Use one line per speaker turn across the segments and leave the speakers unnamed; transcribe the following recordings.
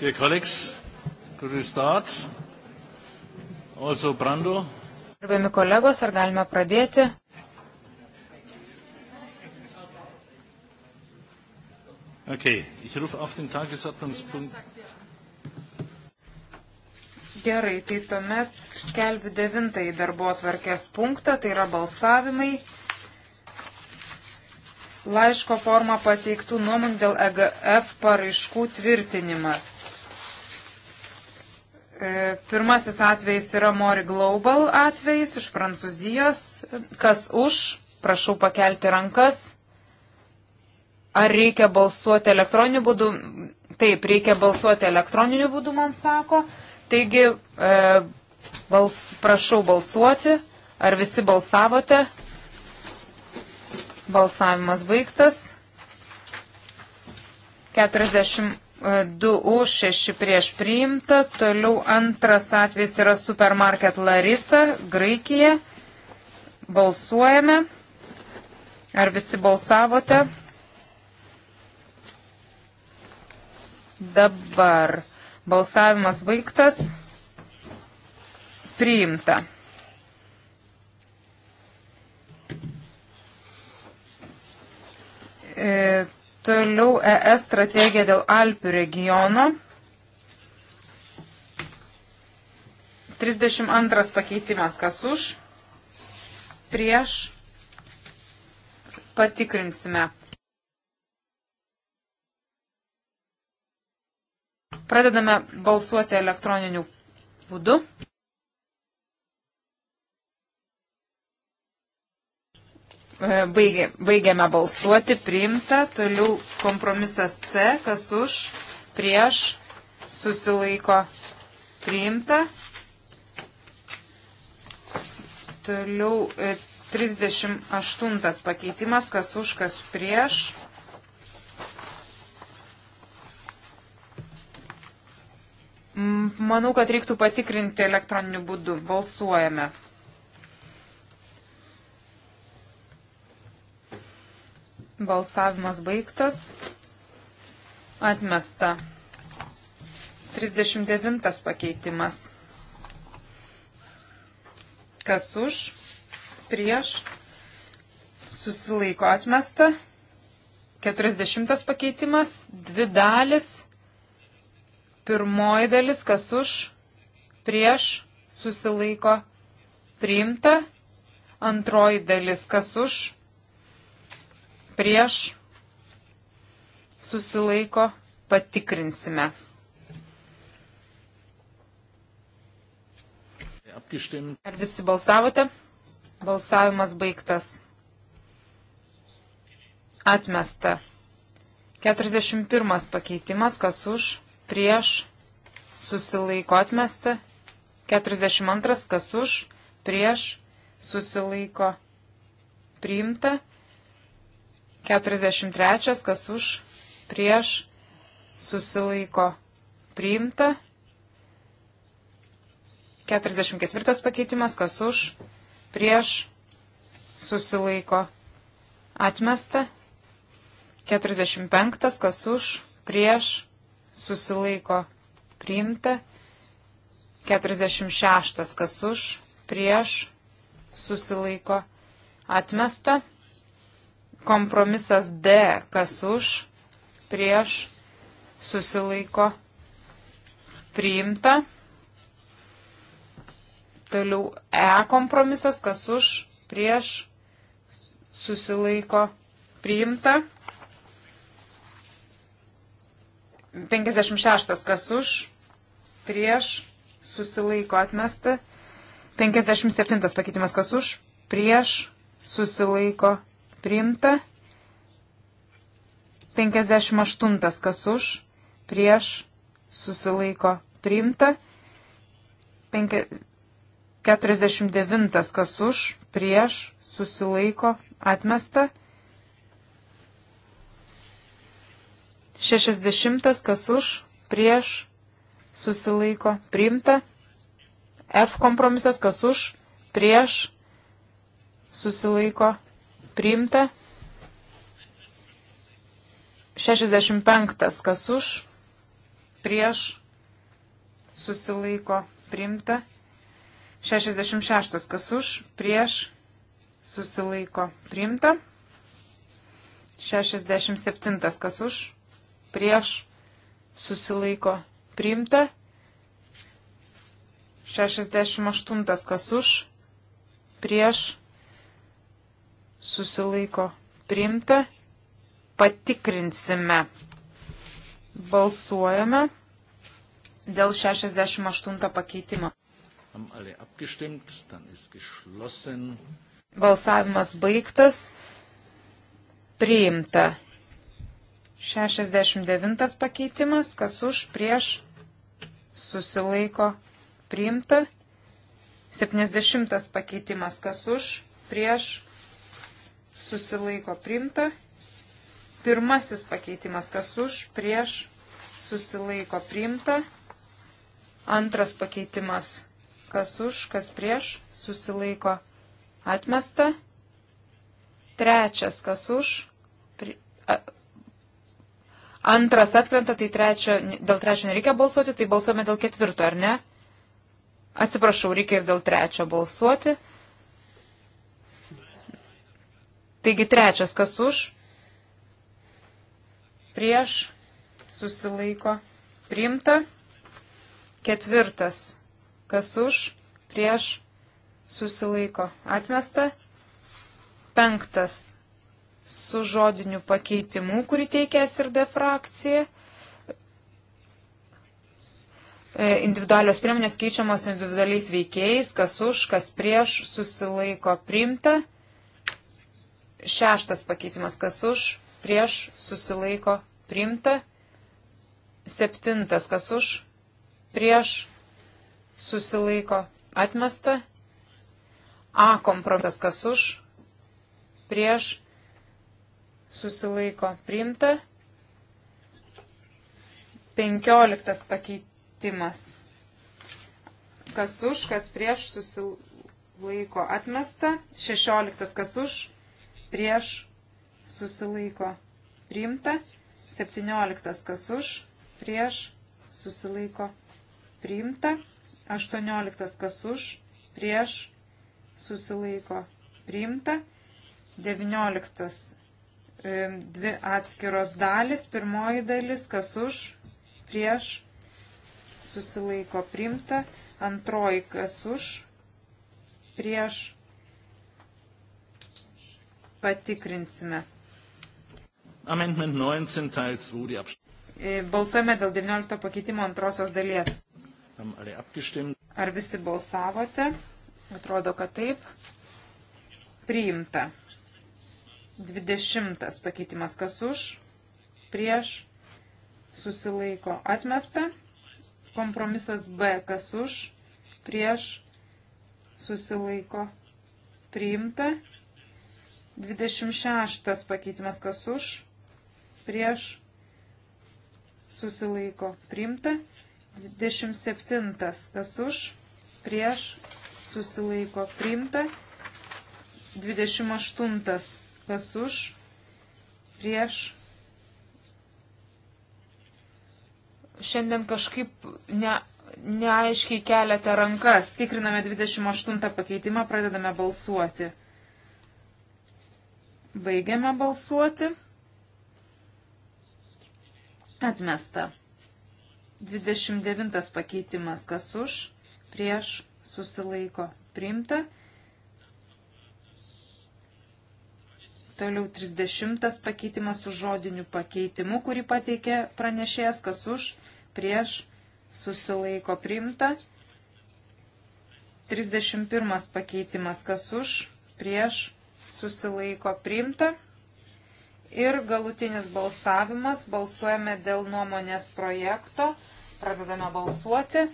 Dear colleagues, could we start? Also Brando.
Gerbiami kolegos, ar galime pradėti?
Okay, ich rufe auf den Tagesordnungspunkt.
Gerai, tai tuomet skelbiu devintąjį darbo atvarkės punktą, tai yra balsavimai laiško forma pateiktų nuomonių dėl EGF paraiškų tvirtinimas. E, pirmasis atvejis yra Mori Global atvejis iš Prancūzijos. Kas už? Prašau pakelti rankas. Ar reikia balsuoti elektroniniu būdu? Taip, reikia balsuoti elektroniniu būdu, man sako. Taigi, e, bals, prašau balsuoti. Ar visi balsavote? Balsavimas baigtas. 48 2 už, 6 prieš priimta. Toliau antras atvejs yra supermarket Larisa, Graikija. Balsuojame. Ar visi balsavote? Dabar balsavimas baigtas. Priimta. E, Toliau ES strategija dėl Alpių regiono. 32 pakeitimas, kas už, prieš, patikrinsime. Pradedame balsuoti elektroniniu būdu. Baigė, baigėme balsuoti, priimta, toliau kompromisas C, kas už, prieš, susilaiko, priimta. Toliau 38 e, pakeitimas, kas už, kas prieš. Manau, kad reiktų patikrinti elektroniniu būdu. Balsuojame. Balsavimas baigtas. Atmesta. 39 pakeitimas. Kas už? Prieš. Susilaiko atmesta. 40 pakeitimas. Dvi dalis. Pirmoji dalis. Kas už? Prieš. Susilaiko. Priimta. Antroji dalis. Kas už? prieš, susilaiko, patikrinsime.
Ar visi balsavote?
Balsavimas baigtas. Atmesta. 41 pakeitimas, kas už, prieš, susilaiko atmesta. 42 kas už, prieš, susilaiko priimta. 43, kas už, prieš, susilaiko, priimta. 44 pakeitimas, kas už, prieš, susilaiko, atmesta. 45, kas už, prieš, susilaiko, priimta. 46, kas už, prieš, susilaiko, atmesta. Kompromisas D, kas už, prieš, susilaiko, priimta. Toliau E kompromisas, kas už, prieš, susilaiko, priimta. 56 kas už, prieš, susilaiko atmesta. 57 pakeitimas kas už, prieš, susilaiko priimta. 58 kas už, prieš, susilaiko, priimta. 49 kas už, prieš, susilaiko, atmesta. 60 kas už, prieš, susilaiko, priimta. F kompromisas kas už, prieš, susilaiko, priimta. 65. Kas už, prieš, susilaiko, priimta. 66. Kas už, prieš, susilaiko, priimta. 67. Kas už, prieš, susilaiko, priimta. 68. Kas už, prieš, susilaiko priimta. Patikrinsime. Balsuojame dėl 68 pakeitimo. Balsavimas baigtas. Priimta. 69 pakeitimas, kas už, prieš, susilaiko, priimta. 70 pakeitimas, kas už, prieš, susilaiko primta. Pirmasis pakeitimas, kas už, prieš, susilaiko primta. Antras pakeitimas, kas už, kas prieš, susilaiko atmesta. Trečias, kas už, pri, a, antras atkrenta, tai trečio, dėl trečio nereikia balsuoti, tai balsuojame dėl ketvirto, ar ne? Atsiprašau, reikia ir dėl trečio balsuoti. Taigi trečias, kas už, prieš, susilaiko, priimta. Ketvirtas, kas už, prieš, susilaiko, atmesta. Penktas, su žodiniu pakeitimu, kurį teikės ir defrakcija. E, individualios priemonės keičiamos individualiais veikėjais, kas už, kas prieš, susilaiko primta. Šeštas pakeitimas, kas už, prieš, susilaiko, priimta. Septintas, kas už, prieš, susilaiko, atmesta. A kompromisas, kas už, prieš, susilaiko, priimta. Penkioliktas pakeitimas, kas už, kas prieš, susilaiko, atmesta. Šešioliktas, kas už, prieš susilaiko priimta, 17 kas už, prieš susilaiko priimta, 18 kas už, prieš susilaiko priimta, 19 e, dvi atskiros dalis, pirmoji dalis kas už, prieš susilaiko priimta, antroji kas už, prieš patikrinsime.
Amendment 19, Teil 2, die Abstimmung.
E, balsuojame dėl 19 pakeitimo antrosios dalies. Ar visi balsavote? Atrodo, kad taip. Priimta. 20 pakeitimas kas už, prieš, susilaiko atmesta. Kompromisas B kas už, prieš, susilaiko priimta. 26 pakeitimas kas už, prieš, susilaiko priimta. 27 kas už, prieš, susilaiko priimta. 28 kas už, prieš. Šiandien kažkaip ne, neaiškiai keliate rankas. Tikriname 28 pakeitimą, pradedame balsuoti. Baigiame balsuoti. Atmesta. 29 pakeitimas kas už, prieš susilaiko priimta. Toliau 30 pakeitimas su žodiniu pakeitimu, kurį pateikė pranešėjas kas už, prieš susilaiko priimta. 31 pakeitimas kas už, prieš susilaiko priimta. Ir galutinis balsavimas. Balsuojame dėl nuomonės projekto. Pradedame balsuoti.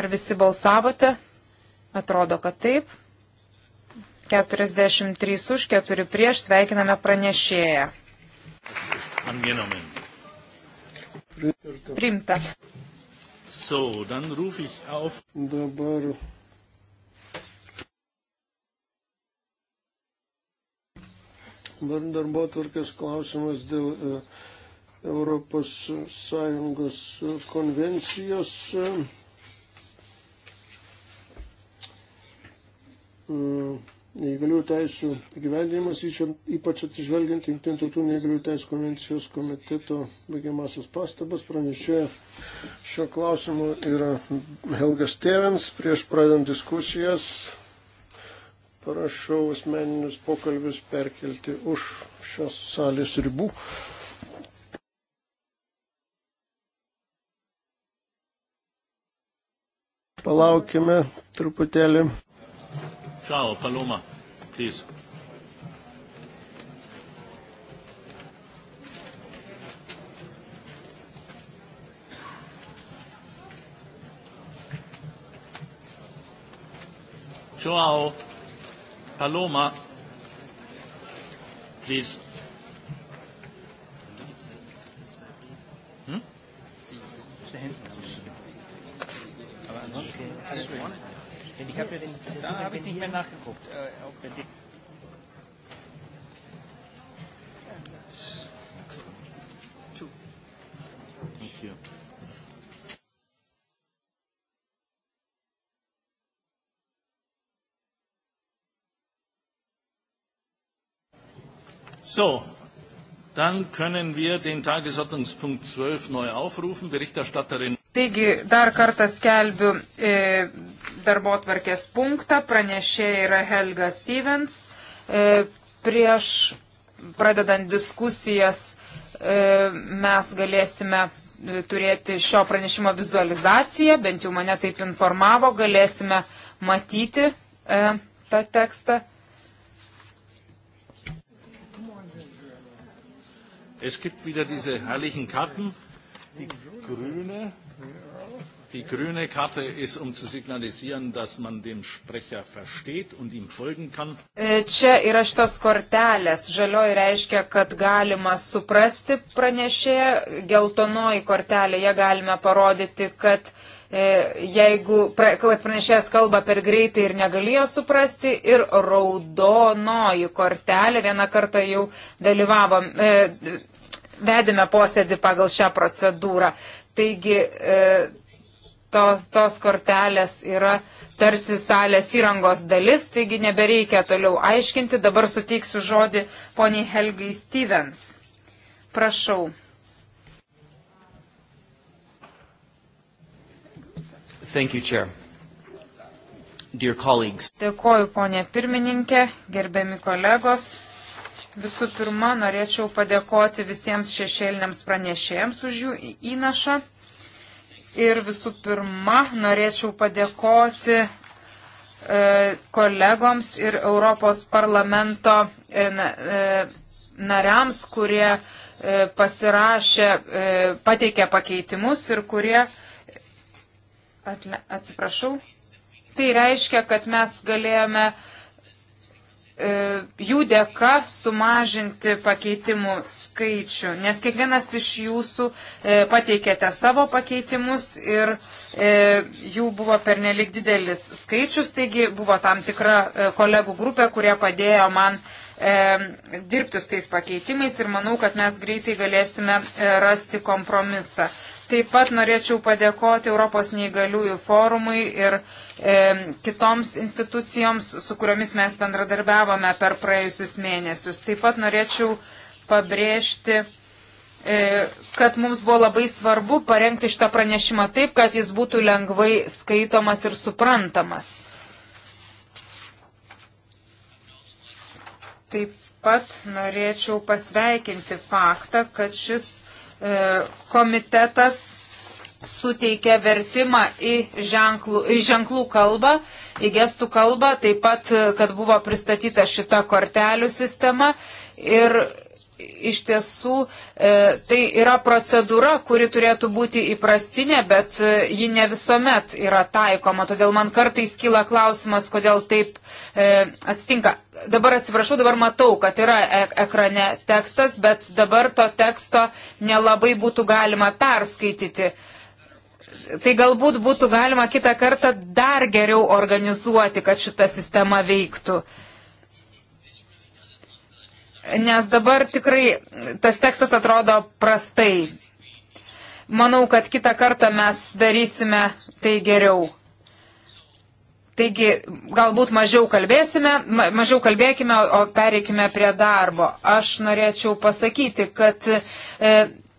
Ar visi balsavote? Atrodo, kad taip. 43 už, 4 prieš. Sveikiname pranešėją.
Primta. So, dann rufe ich
auf. Dabar
darbo tvarkės klausimas dėl e, Europos Sąjungos konvencijos. E, neįgalių teisų gyvendinimas, ypač atsižvelgiant į Junktinių tautų neįgalių teisų konvencijos komiteto baigiamasis pastabas, pranešė šio klausimu yra Helgas Stevens. Prieš pradant diskusijas prašau asmeninius pokalbius perkelti už šios salės ribų. Palaukime truputėlį.
Čau, Paloma, please. João. Paloma, please. Hm? Aber ansonsten, ich habe ja den, da habe ich nicht mehr nachgeguckt, ob der So, dann können wir den Tagesordnungspunkt 12 neu aufrufen. Berichterstatterin.
Taigi, dar kartą skelbiu e, darbo tvarkės punktą. Pranešėja yra Helga Stevens. E, prieš pradedant diskusijas e, mes galėsime e, turėti šio pranešimo vizualizaciją, bent jau mane taip informavo, galėsime matyti e, tą tekstą.
Es gibt wieder diese herrlichen Karten. Die grüne, die grüne Karte ist, um zu signalisieren, dass man den Sprecher versteht und ihm folgen kann.
E, čia yra šitos kortelės. Žalioji reiškia, kad galima suprasti pranešėją. Geltonoji kortelė, ją galime parodyti, kad e, jeigu pranešėjas kalba per greitai ir negalėjo suprasti, ir raudonoji kortelė, vieną kartą jau dalyvavom, e, vedėme posėdį pagal šią procedūrą. Taigi e, tos, tos kortelės yra tarsi salės įrangos dalis, taigi nebereikia toliau aiškinti. Dabar suteiksiu žodį poniai Helgai Stevens. Prašau. Thank you, Chair. Dear colleagues. Dėkoju, ponė pirmininkė, gerbiami kolegos. Visų pirma, norėčiau padėkoti visiems šešėliniams pranešėjams už jų įnašą. Ir visų pirma, norėčiau padėkoti e, kolegoms ir Europos parlamento e, e, nariams, kurie pasirašė, pateikė pakeitimus ir kurie, atsiprašau, tai reiškia, kad mes galėjome uh, E, jų dėka sumažinti pakeitimų skaičių, nes kiekvienas iš jūsų e, pateikėte savo pakeitimus ir e, jų buvo pernelik didelis skaičius, taigi buvo tam tikra kolegų grupė, kurie padėjo man dirbti su tais pakeitimais ir manau, kad mes greitai galėsime rasti kompromisą. Taip pat norėčiau padėkoti Europos neįgaliųjų forumui ir e, kitoms institucijoms, su kuriomis mes bendradarbiavome per praėjusius mėnesius. Taip pat norėčiau pabrėžti, e, kad mums buvo labai svarbu parengti šitą pranešimą taip, kad jis būtų lengvai skaitomas ir suprantamas. Taip pat norėčiau pasveikinti faktą, kad šis E, komitetas suteikia vertimą į ženklų, į ženklų kalbą, į gestų kalbą, taip pat, kad buvo pristatyta šita kortelių sistema ir iš tiesų e, tai yra procedūra, kuri turėtų būti įprastinė, bet e, ji ne visuomet yra taikoma. Todėl man kartais kyla klausimas, kodėl taip e, atsitinka. Dabar atsiprašau, dabar matau, kad yra ek ekrane tekstas, bet dabar to teksto nelabai būtų galima perskaityti. Tai galbūt būtų galima kitą kartą dar geriau organizuoti, kad šita sistema veiktų. Uh, nes dabar tikrai tas tekstas atrodo prastai. Manau, kad kitą kartą mes darysime tai geriau. Taigi, galbūt mažiau kalbėsime, mažiau kalbėkime, o pereikime prie darbo. Aš norėčiau pasakyti, kad e,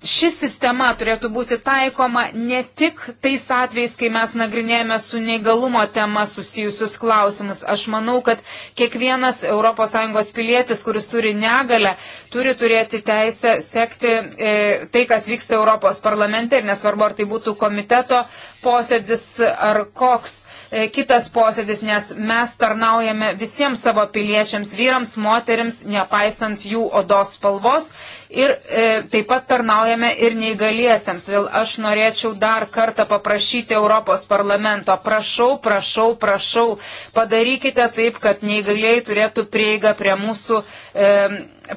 ši sistema turėtų būti taikoma ne tik tais atvejais, kai mes nagrinėjame su neįgalumo tema susijusius klausimus. Aš manau, kad kiekvienas ES pilietis, kuris turi negalę, turi turėti teisę sekti e, tai, kas vyksta Europos parlamente ir nesvarbu, ar tai būtų komiteto posėdis ar koks e, kitas posėdis, nes mes tarnaujame visiems savo piliečiams, vyrams, moteriams, nepaisant jų odos spalvos ir e, taip pat tarnaujame ir neįgaliesiams. Todėl aš norėčiau dar kartą paprašyti Europos parlamento, prašau, prašau, prašau, padarykite taip, kad neįgaliai turėtų prieigą prie mūsų, e,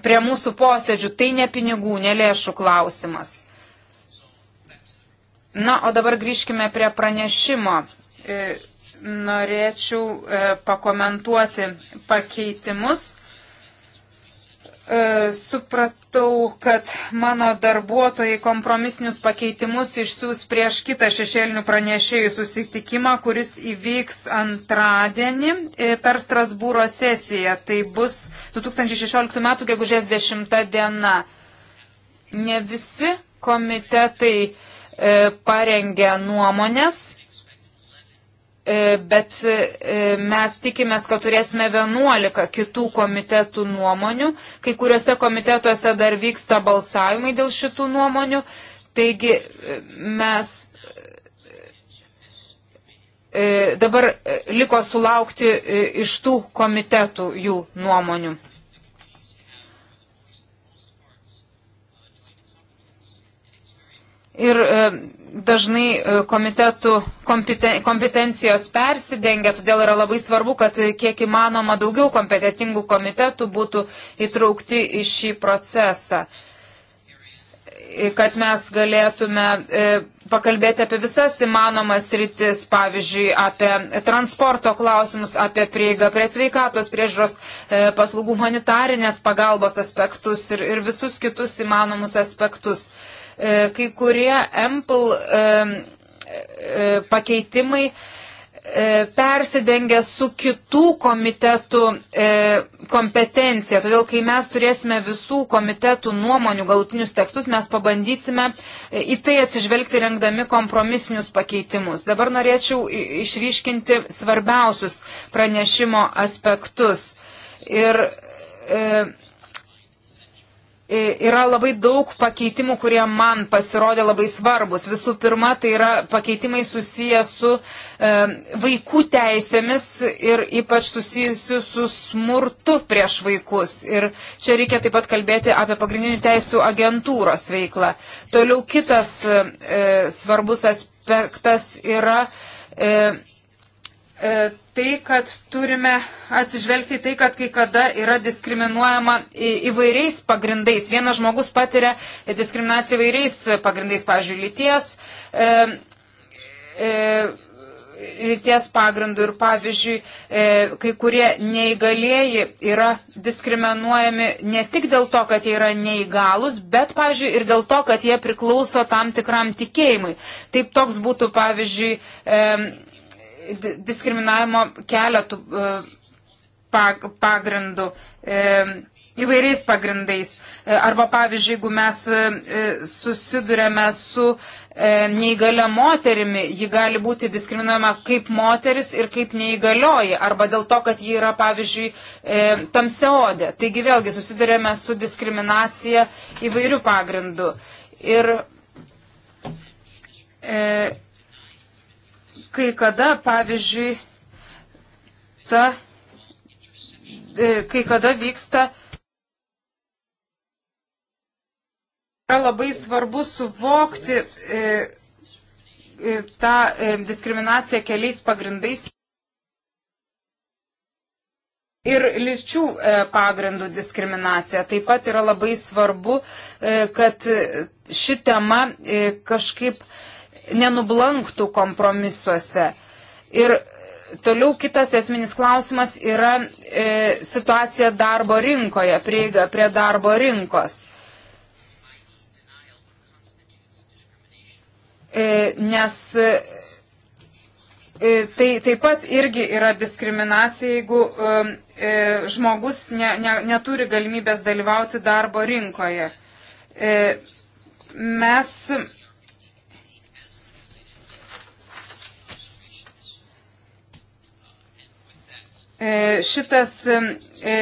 prie mūsų posėdžių. Tai ne pinigų, ne lėšų klausimas. Na, o dabar grįžkime prie pranešimo. E, norėčiau e, pakomentuoti pakeitimus. E, supratau, kad mano darbuotojai kompromisinius pakeitimus išsiūs prieš kitą šešėlinių pranešėjų susitikimą, kuris įvyks antradienį per Strasbūro sesiją. Tai bus 2016 m. gegužės 10 diena. Ne visi komitetai E, parengė nuomonės, e, bet e, mes tikimės, kad turėsime 11 kitų komitetų nuomonių. Kai kuriuose komitetuose dar vyksta balsavimai dėl šitų nuomonių. Taigi mes dabar liko sulaukti iš tų komitetų jų nuomonių. ir e, dažnai e, komitetų kompetencijos persidengia, todėl yra labai svarbu, kad e, kiek įmanoma daugiau kompetitingų komitetų būtų įtraukti į šį procesą, kad mes galėtume pakalbėti apie visas įmanomas rytis, pavyzdžiui, apie transporto klausimus, apie prieigą prie sveikatos priežiūros paslaugų humanitarinės pagalbos aspektus ir, ir visus kitus įmanomus aspektus. E, E, kai kurie Ample e, e, pakeitimai persidengia su kitų komitetų e, kompetencija. Todėl, kai mes turėsime visų komitetų nuomonių galutinius tekstus, mes pabandysime į tai atsižvelgti rengdami kompromisinius pakeitimus. Dabar norėčiau išryškinti svarbiausius pranešimo aspektus. Ir e, yra labai daug pakeitimų, kurie man pasirodė labai svarbus. Visų pirma, tai yra pakeitimai susiję su e, vaikų teisėmis ir ypač susijusiu su smurtu prieš vaikus. Ir čia reikia taip pat kalbėti apie pagrindinių teisų agentūros veiklą. Toliau kitas e, svarbus aspektas yra. E, e, tai, kad turime atsižvelgti tai, kad kai kada yra diskriminuojama įvairiais pagrindais. Vienas žmogus patiria diskriminaciją įvairiais pagrindais, pavyzdžiui, lyties, e, e, lyties pagrindų ir, pavyzdžiui, e, kai kurie neįgalieji yra diskriminuojami ne tik dėl to, kad jie yra neįgalus, bet, pavyzdžiui, ir dėl to, kad jie priklauso tam tikram tikėjimui. Taip toks būtų, pavyzdžiui, e, diskriminavimo keletų e, pagrindų e, įvairiais pagrindais. E, arba pavyzdžiui, jeigu mes susidurėme su neįgalia moterimi, ji gali būti diskriminuojama kaip moteris ir kaip neįgalioji, arba dėl to, kad ji yra, pavyzdžiui, tamseodė. Taigi vėlgi susidurėme su diskriminacija įvairių pagrindų. Ir kai kada, pavyzdžiui, ta, e, kai kada vyksta. Yra labai svarbu suvokti e, e, tą e, diskriminaciją keliais pagrindais ir lyčių e, pagrindų diskriminacija. Taip pat yra labai svarbu, e, kad ši tema kažkaip nenublanktų kompromisuose. Ir toliau kitas esminis klausimas yra e, situacija darbo rinkoje, prieiga prie darbo rinkos. E, nes e, tai taip pat irgi yra diskriminacija, jeigu e, e žmogus ne, ne, neturi galimybės dalyvauti darbo rinkoje. E, mes E, šitas, e,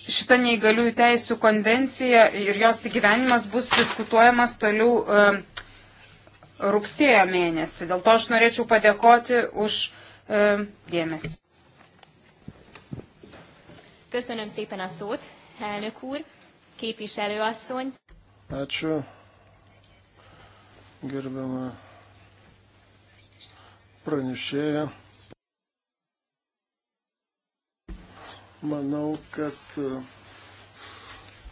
šita neįgaliųjų teisų konvencija ir jos įgyvenimas bus diskutuojamas toliau e, rugsėjo mėnesį. Dėl to aš norėčiau padėkoti už dėmesį.
Köszönöm szépen a szót, elnök úr, képviselőasszony.
Ačiū,
gerbiama pranešėja. Manau, kad e,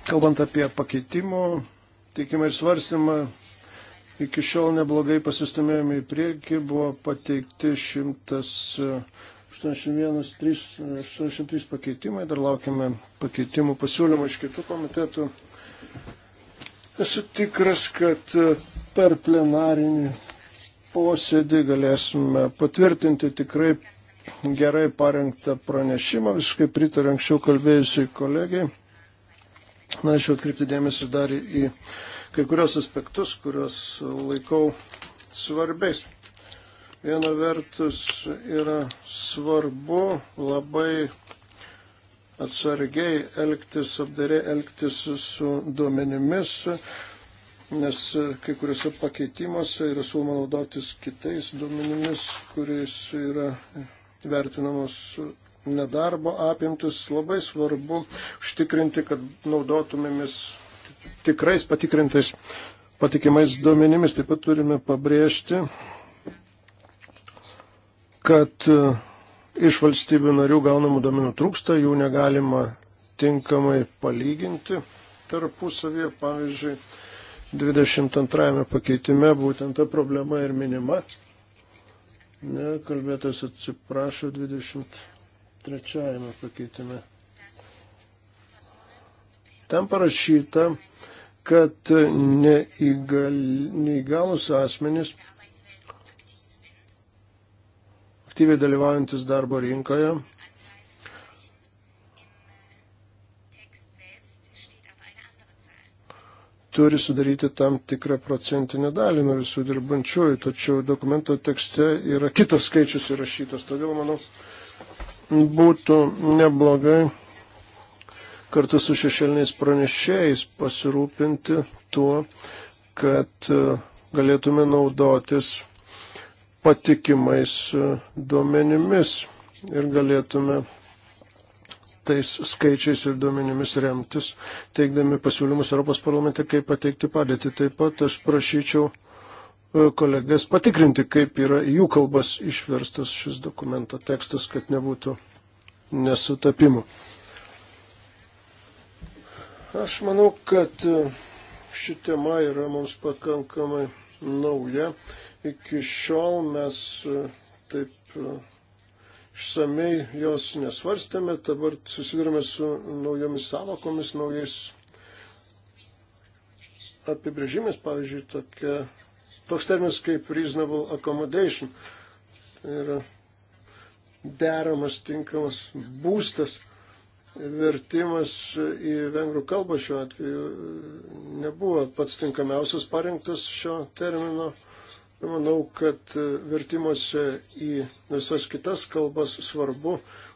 kalbant apie pakeitimų teikimą ir svarstymą, iki šiol neblogai pasistumėjome į priekį, buvo pateikti 183 e, e, pakeitimai, dar laukime pakeitimų pasiūlymų iš kitų komitetų. Esu tikras, kad per plenarinį posėdį galėsime patvirtinti tikrai gerai parengtą pranešimą, visiškai pritariu anksčiau kalbėjusiai kolegiai. Norėčiau atkreipti dėmesį dar į kai kurios aspektus, kuriuos laikau svarbiais. Viena vertus yra svarbu labai atsargiai elgtis, apdariai elgtis su duomenimis, nes kai kuriuose pakeitimuose yra siūloma naudotis kitais duomenimis, kuriais yra vertinamos nedarbo apimtis, labai svarbu užtikrinti, kad naudotumėmis tikrais patikrintais patikimais duomenimis. Taip pat turime pabrėžti, kad e, iš valstybių narių gaunamų duomenų trūksta, jų negalima tinkamai palyginti tarpusavėje. Pavyzdžiui, 22 pakeitime būtent ta problema ir minima. Ne, kalbėtas atsiprašo 23 pakeitime. Ten parašyta, kad neįgal, neįgalus asmenys aktyviai dalyvaujantis darbo rinkoje turi sudaryti tam tikrą procentinę dalį nuo visų dirbančiųjų, tačiau dokumento tekste yra kitas skaičius įrašytas, todėl manau būtų neblogai kartu su šešėliniais pranešėjais pasirūpinti tuo, kad e, galėtume naudotis patikimais e, duomenimis ir galėtume tais skaičiais ir duomenimis remtis, teikdami pasiūlymus Europos parlamente, kaip pateikti padėtį. Taip pat aš prašyčiau e, kolegas patikrinti, kaip yra jų kalbas išverstas šis dokumento tekstas, kad nebūtų nesutapimų. Aš manau, kad e, ši tema yra mums pakankamai nauja. Iki šiol mes e, taip išsamei jos nesvarstėme, dabar susidurime su naujomis savokomis, naujais apibrėžimais, pavyzdžiui, tokia, toks terminas kaip reasonable accommodation. Tai yra deramas, tinkamas būstas. Vertimas į vengrų kalbą šiuo atveju nebuvo pats tinkamiausias parinktas šio termino Manau, kad e, vertimuose į visas kitas kalbas svarbu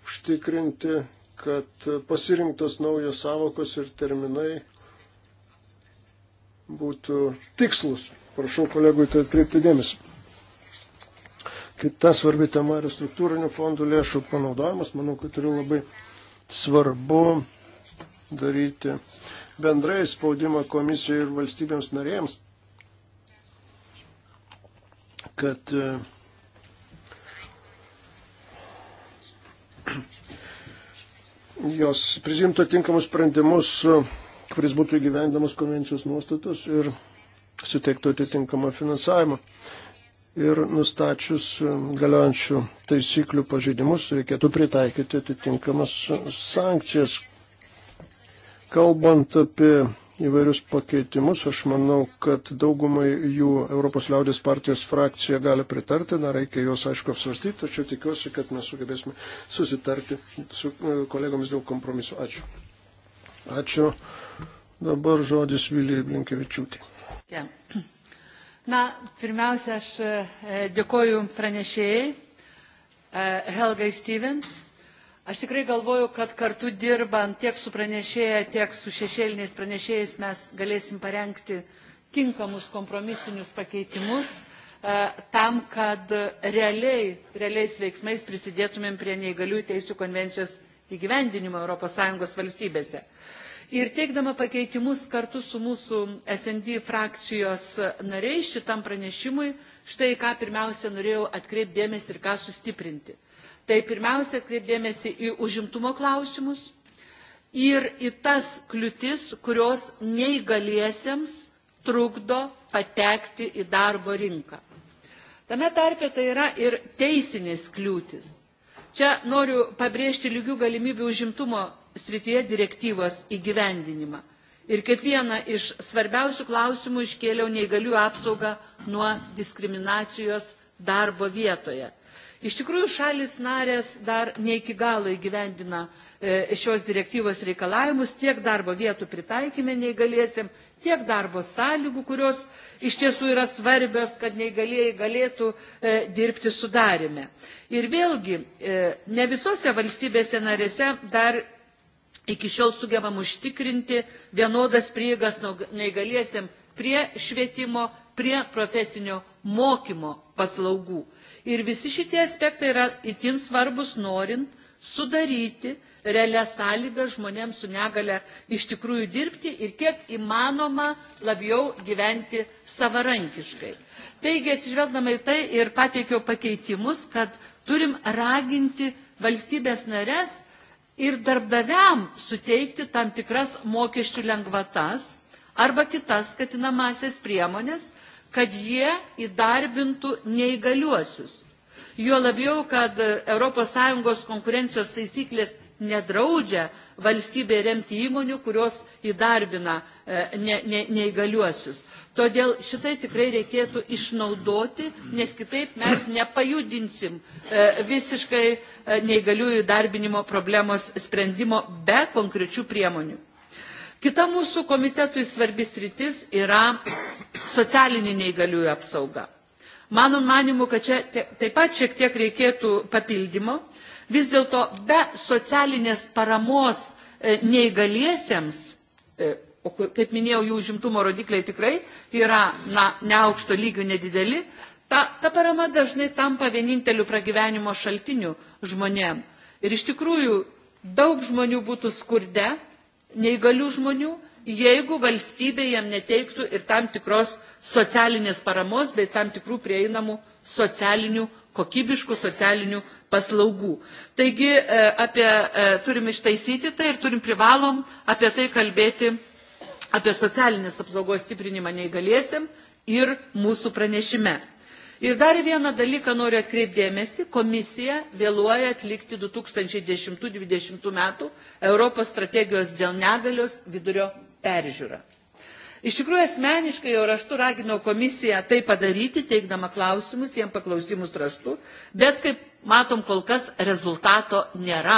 užtikrinti, kad e, pasirinktos naujos savokos ir terminai būtų tikslus. Prašau kolegų į tai atkreipti dėmesį. Kita svarbi tema yra struktūrinių fondų lėšų panaudojimas. Manau, kad yra labai svarbu daryti bendrai spaudimą komisijai ir valstybėms narėms kad e, jos prisimtų tinkamus sprendimus, e, kuris būtų įgyvendamas konvencijos nuostatus ir suteiktų atitinkamą finansavimą. Ir nustačius e, galiojančių taisyklių pažeidimus reikėtų pritaikyti atitinkamas sankcijas. Kalbant apie įvairius pakeitimus. Aš manau, kad daugumai jų Europos liaudės partijos frakcija gali pritarti, na reikia juos aišku apsvarstyti, tačiau tikiuosi, kad mes sugebėsime susitarti su e, kolegomis dėl kompromisu. Ačiū. Ačiū. Dabar žodis Vilijai Blinkevičiūtė.
Ja. Na, pirmiausia, aš e, dėkoju pranešėjai e, Helgai Stevens Aš tikrai galvoju, kad kartu dirbant tiek su pranešėja, tiek su šešėliniais pranešėjais mes galėsim parengti tinkamus kompromisinius pakeitimus e, tam, kad realiai, realiais veiksmais prisidėtumėm prie neįgaliųjų teisų konvencijos įgyvendinimo ES valstybėse. Ir teikdama pakeitimus kartu su mūsų SND frakcijos nariais šitam pranešimui, štai ką pirmiausia norėjau atkreipdėmės ir ką sustiprinti tai pirmiausia atkreipdėmėsi į užimtumo klausimus ir į tas kliūtis, kurios neįgaliesiems trukdo patekti į darbo rinką. Tame tarpe tai yra ir teisinės kliūtis. Čia noriu pabrėžti lygių galimybių užimtumo srityje direktyvos įgyvendinimą. Ir kaip vieną iš svarbiausių klausimų iškėliau neįgalių apsaugą nuo diskriminacijos darbo vietoje. Iš tikrųjų, šalis narės dar ne iki galo įgyvendina e, šios direktyvos reikalavimus tiek darbo vietų pritaikymė neįgaliesiam, tiek darbo sąlygų, kurios iš tiesų yra svarbios, kad neįgalieji galėtų e, dirbti sudarime. Ir vėlgi, e, ne visose valstybėse narėse dar iki šiol sugebam užtikrinti vienodas prieigas neįgaliesiam prie švietimo, prie profesinio mokymo paslaugų. Ir visi šitie aspektai yra itin svarbus norint sudaryti realias sąlygas žmonėms su negale iš tikrųjų dirbti ir kiek įmanoma labiau gyventi savarankiškai. Taigi, atsižvelgdama į tai ir pateikiau pakeitimus, kad turim raginti valstybės narės ir darbdaviam suteikti tam tikras mokesčių lengvatas arba kitas skatinamasias priemonės, kad jie įdarbintų neįgaliuosius. Jo labiau, kad ES konkurencijos taisyklės nedraudžia valstybė remti įmonių, kurios įdarbina e, ne, ne, neįgaliuosius. Todėl šitai tikrai reikėtų išnaudoti, nes kitaip mes nepajudinsim e, visiškai e, neįgaliųjų darbinimo problemos sprendimo be konkrečių priemonių. Kita mūsų komitetui svarbis rytis yra socialinė neįgaliųjų apsauga. Mano manimu, kad čia taip pat šiek tiek reikėtų papildymo. Vis dėlto be socialinės paramos e, neįgaliesiems, e, o kaip minėjau, jų užimtumo rodikliai tikrai yra na, neaukšto lygio nedideli, ta, ta parama dažnai tampa vieninteliu pragyvenimo šaltiniu žmonėm. Ir iš tikrųjų daug žmonių būtų skurde, neįgalių žmonių, jeigu valstybė jam neteiktų ir tam tikros socialinės paramos bei tam tikrų prieinamų socialinių, kokybiškų socialinių paslaugų. Taigi e, apie, e, turim ištaisyti tai ir turim privalom apie tai kalbėti, apie socialinės apsaugos stiprinimą neįgaliesiam ir mūsų pranešime. Ir dar vieną dalyką noriu atkreipdėmėsi, komisija vėluoja atlikti 2010-2020 metų Europos strategijos dėl negalios vidurio peržiūrą. Iš tikrųjų, asmeniškai jau raštu raginau komisiją tai padaryti, teikdama klausimus, jiem paklausimus raštu, bet kaip matom, kol kas rezultato nėra.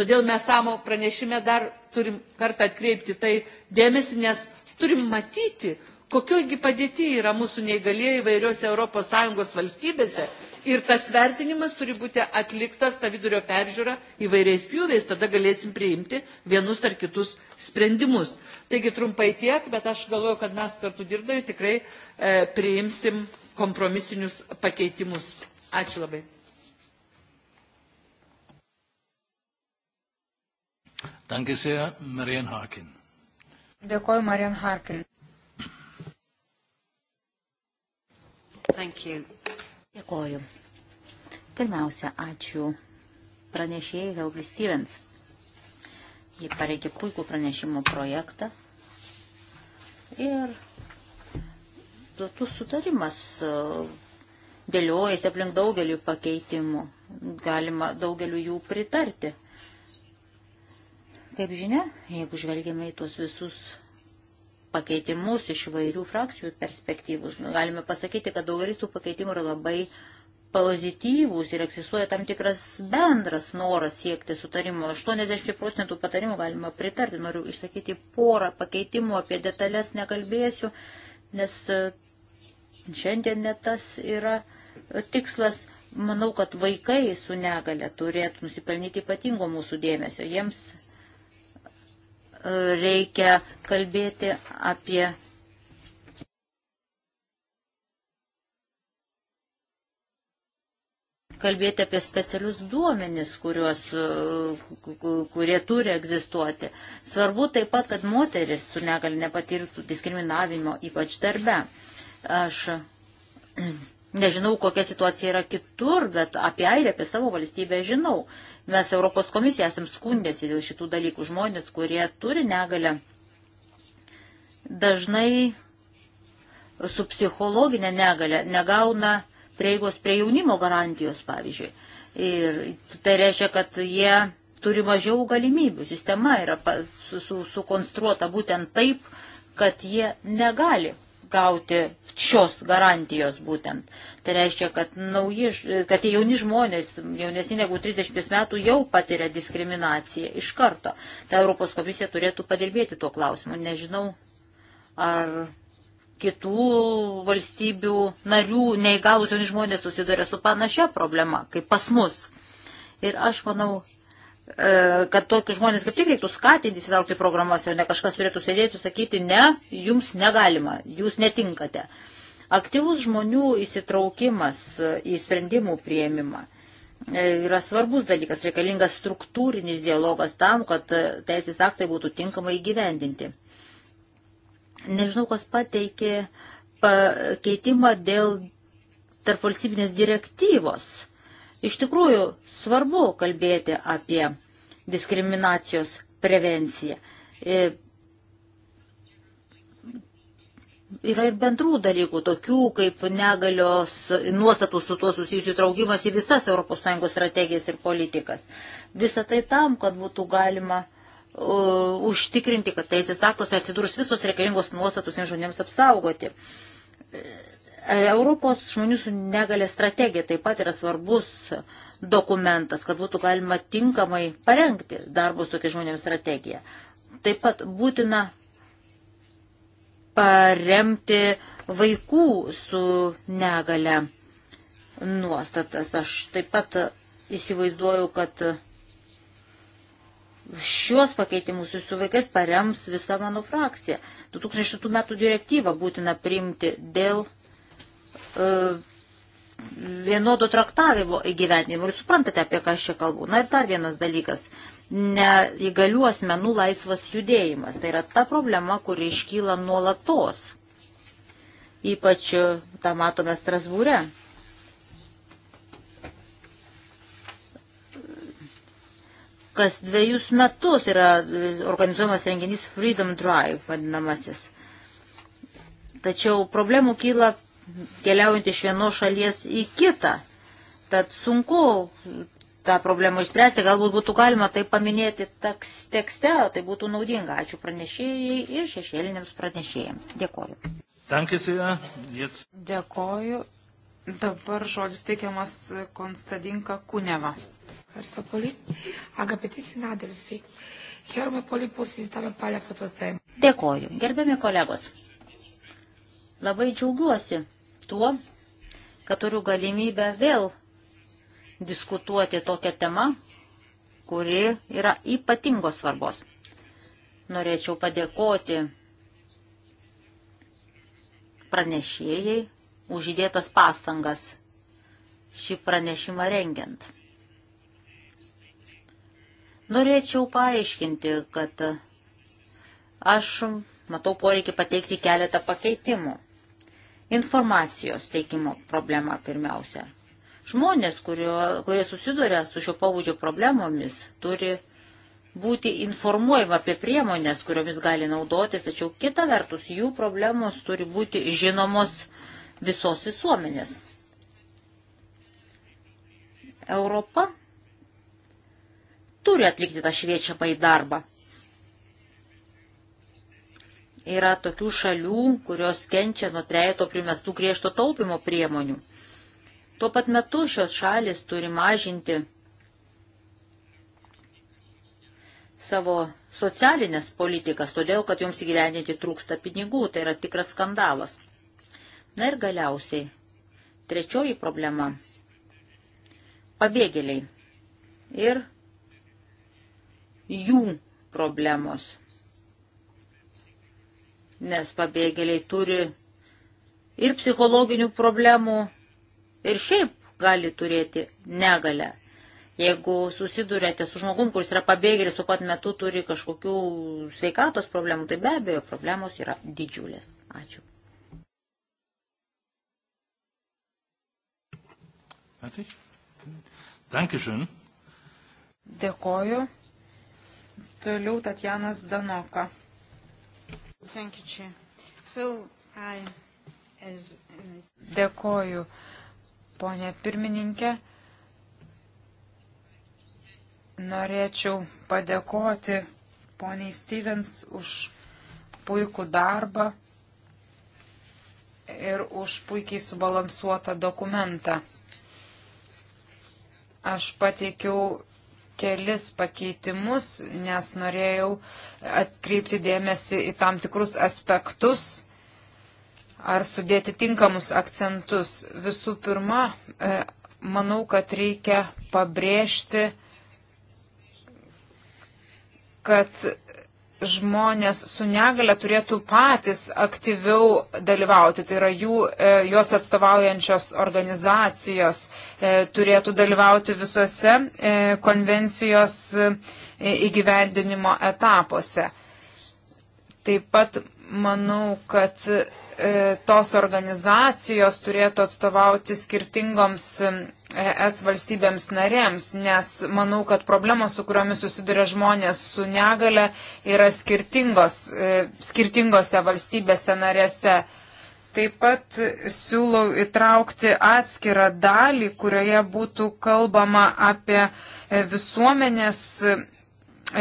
Todėl mes savo pranešime dar turim kartą atkreipti tai dėmesį, nes turim matyti, kokiogi padėti yra mūsų neįgalėjai vairiuose ES valstybėse ir tas vertinimas turi būti atliktas, ta vidurio peržiūra įvairiais pjūviais, tada galėsim priimti vienus ar kitus sprendimus. Taigi trumpai tiek, bet aš galvoju, kad mes kartu dirbdami tikrai e, priimsim kompromisinius pakeitimus. Ačiū labai.
Danke sehr, Marian Harkin.
Dėkoju, Marian Harkin.
Dėkoju. Pirmiausia, ačiū pranešėjai Helgai Stevens. Ji pareikė puikų pranešimo projektą ir duotų sutarimas e, dėliojasi aplink daugeliu pakeitimų. Galima daugeliu jų pritarti. Kaip žinia, jeigu žvelgiame į tuos visus pakeitimus iš vairių frakcijų perspektyvų. Galime pasakyti, kad daugelis tų pakeitimų yra labai pozityvūs ir egzistuoja tam tikras bendras noras siekti sutarimo. 80 procentų patarimų galima pritarti. Noriu išsakyti porą pakeitimų, apie detalės nekalbėsiu, nes e, šiandien netas yra e, tikslas. Manau, kad vaikai su negale turėtų nusipelnyti ypatingo mūsų dėmesio. Jiems reikia kalbėti apie. kalbėti apie specialius duomenis, kuriuos, kurie turi egzistuoti. Svarbu taip pat, kad moteris su negali nepatirtų diskriminavimo, ypač darbe. Aš Nežinau, kokia situacija yra kitur, bet apie Airiją, apie savo valstybę žinau. Mes Europos komisija esam skundėsi dėl šitų dalykų. Žmonės, kurie turi negalę, dažnai su psichologinė negalė negauna prieigos prie jaunimo garantijos, pavyzdžiui. Ir tai reiškia, kad jie turi mažiau galimybių. Sistema yra sukonstruota būtent taip, kad jie negali gauti šios garantijos būtent. Tai reiškia, kad, nauji, kad tie jauni žmonės, jaunesni negu 30 metų, jau patiria diskriminaciją iš karto. Ta Europos komisija turėtų padirbėti tuo klausimu. Nežinau, ar kitų valstybių narių neįgalus jauni žmonės susiduria su panašia problema kaip pas mus. Ir aš manau, E, kad tokius žmonės kaip tik reiktų skatinti įsitraukti programas, o ne kažkas turėtų sėdėti ir sakyti, ne, jums negalima, jūs netinkate. Aktyvus žmonių įsitraukimas į sprendimų prieimimą e, yra svarbus dalykas, reikalingas struktūrinis dialogas tam, kad teisės aktai būtų tinkamai įgyvendinti. Nežinau, kas pateikė pakeitimą dėl tarp valstybinės direktyvos Iš tikrųjų, svarbu kalbėti apie diskriminacijos prevenciją. E, yra ir bendrų dalykų, tokių kaip negalios nuostatų su tuo susijusių traukimas į visas ES strategijas ir politikas. Visą tai tam, kad būtų galima uh, užtikrinti, kad teisės aktuose atsidurs visos reikalingos nuostatus ir žmonėms apsaugoti. Uh, Europos žmonių su negalė strategija taip pat yra svarbus dokumentas, kad būtų galima tinkamai parengti darbo su tokiais žmonėms strategiją. Taip pat būtina paremti vaikų su negale nuostatas. Aš taip pat įsivaizduoju, kad šios pakeitimus jūs su vaikais parems visa mano frakcija. 2006 metų direktyvą būtina priimti dėl E, vienodo traktavimo įgyvendinimo. Ir suprantate, apie ką aš čia kalbu. Na ir dar vienas dalykas neįgalių asmenų laisvas judėjimas. Tai yra ta problema, kuri iškyla nuolatos. Ypač e, tą matome Strasbūre. Kas dviejus metus yra organizuojamas renginys Freedom Drive vadinamasis. Tačiau problemų kyla keliaujant iš vienos šalies į kitą. Tad sunku tą problemą išspręsti, galbūt būtų galima tai paminėti tekste, tai būtų naudinga. Ačiū pranešėjai ir šešėliniams pranešėjams. Dėkoju.
Dėkoju. Dabar žodis teikiamas Konstadinka Kuneva.
Ευχαριστώ πολύ. Αγαπητοί συνάδελφοι, χαίρομαι πολύ που συζητάμε πάλι αυτό το θέμα. Dėkoju. Gerbiami kolegos, labai džiaugiuosi, tuo, kad turiu galimybę vėl diskutuoti tokią temą, kuri yra ypatingos svarbos. Norėčiau padėkoti pranešėjai už įdėtas pastangas šį pranešimą rengiant. Norėčiau paaiškinti, kad aš matau poreikį pateikti keletą pakeitimų. Informacijos teikimo problema pirmiausia. Žmonės, kurio, kurie susiduria su šio pavudžio problemomis, turi būti informuojama apie priemonės, kuriomis gali naudoti, tačiau kita vertus jų problemos turi būti žinomos visos visuomenės. Europa turi atlikti tą šviečiamą į darbą. Yra tokių šalių, kurios kenčia nuo trejato primestų griežto taupimo priemonių. Tuo pat metu šios šalis turi mažinti savo socialinės politikas, todėl kad joms įgyvendinti trūksta pinigų, tai yra tikras skandalas. Na ir galiausiai, trečioji problema - pabėgėliai ir jų problemos nes pabėgėliai turi ir psichologinių problemų, ir šiaip gali turėti negalę. Jeigu susidurėte su žmogum, kuris yra pabėgėlis, su pat metu turi kažkokių sveikatos problemų, tai be abejo, problemos yra didžiulės. Ačiū.
Dankišin.
Dėkoju. Toliau Tatjanas Danoka. Thank you, Chair. So, I, as... Uh, Dėkoju, ponė pirmininkė. Norėčiau padėkoti poniai Stevens už puikų darbą ir už puikiai subalansuotą dokumentą. Aš pateikiau kelis pakeitimus, nes norėjau atkreipti dėmesį į tam tikrus aspektus ar sudėti tinkamus akcentus. Visų pirma, e, manau, kad reikia pabrėžti, kad žmonės su negale turėtų patys aktyviau dalyvauti. Tai yra jų, e, jos atstovaujančios organizacijos e, turėtų dalyvauti visose e, konvencijos e, įgyvendinimo etapuose. Taip pat manau, kad e, tos organizacijos turėtų atstovauti skirtingoms ES valstybėms narėms, nes manau, kad problemos, su kuriomis susiduria žmonės su negale, yra skirtingos, e, skirtingose valstybėse narėse. Taip pat siūlau įtraukti atskirą dalį, kurioje būtų kalbama apie e, visuomenės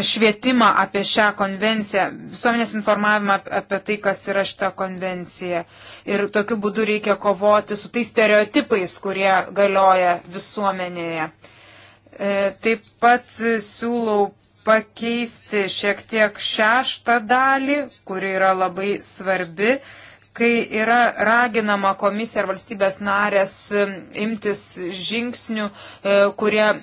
švietimą apie šią konvenciją, visuomenės informavimą apie tai, kas yra šita konvencija. Ir tokiu būdu reikia kovoti su tais stereotipais, kurie galioja visuomenėje. E, taip pat siūlau pakeisti šiek tiek šeštą dalį, kuri yra labai svarbi, kai yra raginama komisija ar valstybės narės e, imtis žingsnių, e, kurie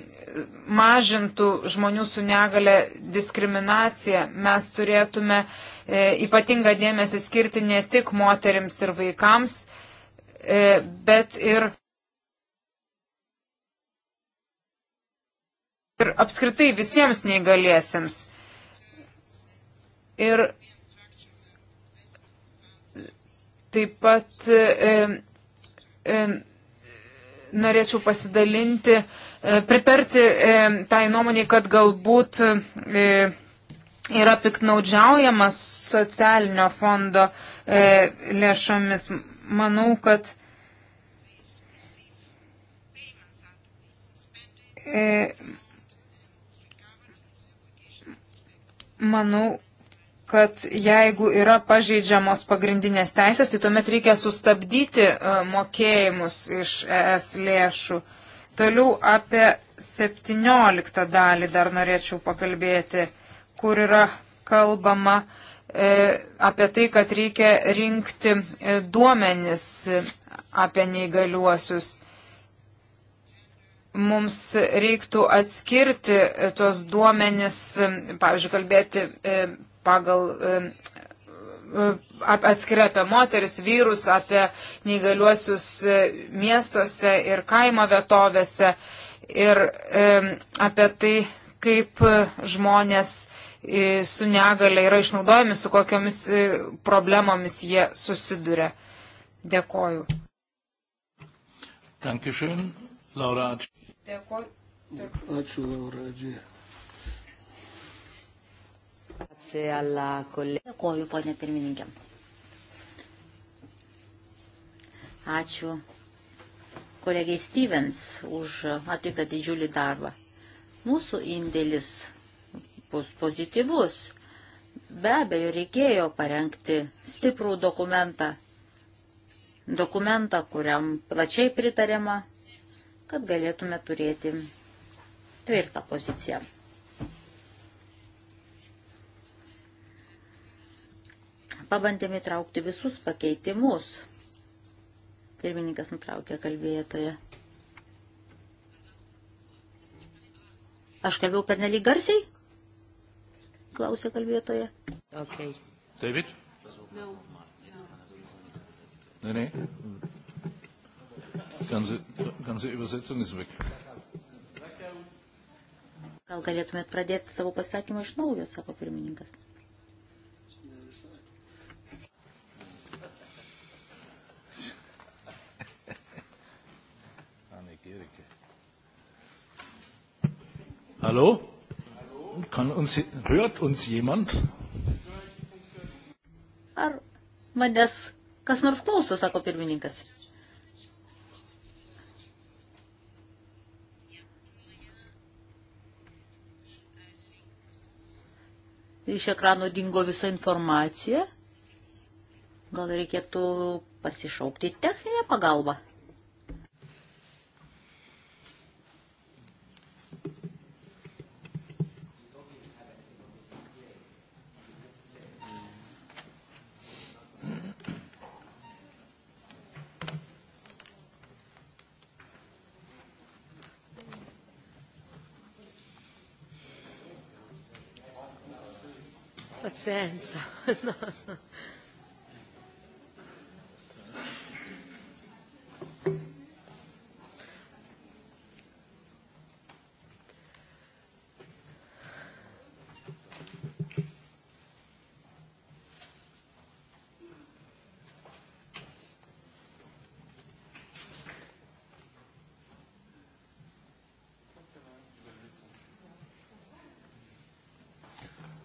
mažintų žmonių su negale diskriminaciją, mes turėtume e, ypatingą dėmesį skirti ne tik moterims ir vaikams, e, bet ir, ir apskritai visiems neįgaliesiems. Ir taip pat e, e, norėčiau pasidalinti e, E, pritarti e, tai nuomonė, kad galbūt e, yra piknaudžiaujamas socialinio fondo lėšomis. Manau, kad manau, kad jeigu yra pažeidžiamos pagrindinės teisės, tai tuomet reikia sustabdyti mokėjimus iš ES lėšų. Toliau apie 17 dalį dar norėčiau pakalbėti, kur yra kalbama e, apie tai, kad reikia rinkti e, duomenis apie neįgaliuosius. Mums reiktų atskirti e, tuos duomenis, e, pavyzdžiui, kalbėti e, pagal e, atskirai apie moteris, vyrus, apie neįgaliuosius e, miestuose ir kaimo vietovėse ir e, apie tai, kaip e, žmonės e, su negale yra išnaudojami, su kokiamis problemomis jie susiduria. Dėkoju.
Dankišin, Laura Ačiū.
Dėkoju.
Dėkoju.
Ačiū, Laura Ačiū.
Dėkoju, ponė pirmininkė. Ačiū kolegiai Stevens už atliktą didžiulį darbą. Mūsų indėlis bus pozityvus. Be abejo, reikėjo parengti stiprų dokumentą. Dokumentą, kuriam plačiai pritarėma, kad galėtume turėti tvirtą poziciją. Pabandėme įtraukti visus pakeitimus. Pirmininkas nutraukė kalbėtoje. Aš kalbėjau per nelį garsiai? Klausė kalbėtoje.
Okay. David? No. Nee, nee. Ganze, ganze Übersetzung ist weg.
Gal galėtumėt pradėti savo pasakymą iš naujo, sako pirmininkas.
Hallo? Kann uns, hört uns jemand?
Ar manęs kas nors klauso, sako pirmininkas. Iš ekrano dingo visa informacija. Gal reikėtų pasišaukti techninę pagalbą. senso. no, no.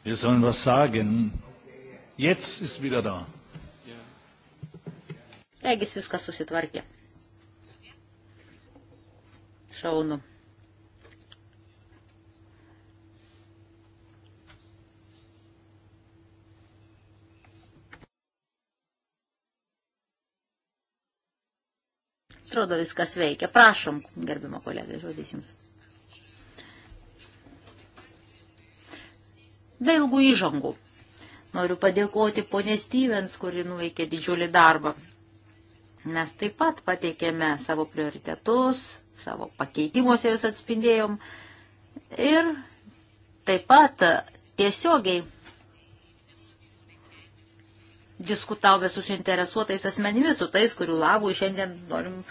Wir sollen was sagen. Jetzt ist wieder da.
Regis viskas susitvarkė. Šaunu. Atrodo, viskas veikia. Prašom, gerbimo kolegė, žodis jums. be ilgų įžangų. Noriu padėkoti ponė Stevens, kuri nuveikė didžiulį darbą. Mes taip pat pateikėme savo prioritetus, savo pakeitimuose jūs atspindėjom ir taip pat tiesiogiai diskutavome su suinteresuotais asmenimis, su tais, kurių labui šiandien norim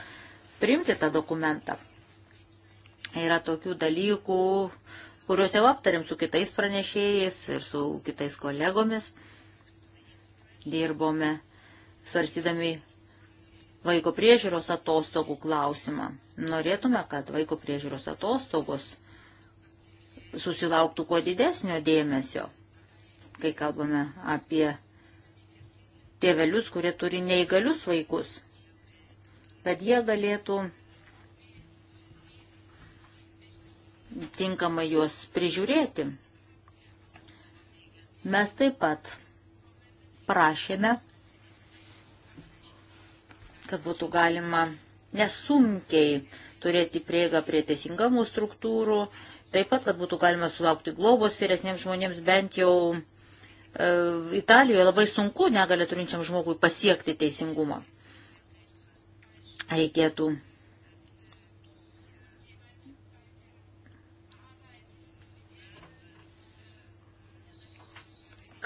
priimti tą dokumentą. Yra tokių dalykų, uh, kuriuos jau aptarėm su kitais pranešėjais ir su kitais kolegomis. Dirbome svarstydami vaiko priežiūros atostogų klausimą. Norėtume, kad vaiko priežiūros atostogos susilauktų kuo didesnio dėmesio, kai kalbame apie tėvelius, kurie turi neįgalius vaikus, kad jie galėtų tinkamai juos prižiūrėti. Mes taip pat prašėme, kad būtų galima nesunkiai turėti prieigą prie teisingamų struktūrų, taip pat, kad būtų galima sulaukti globos vyresniems žmonėms bent jau e, Italijoje labai sunku negalė turinčiam žmogui pasiekti teisingumą. Reikėtų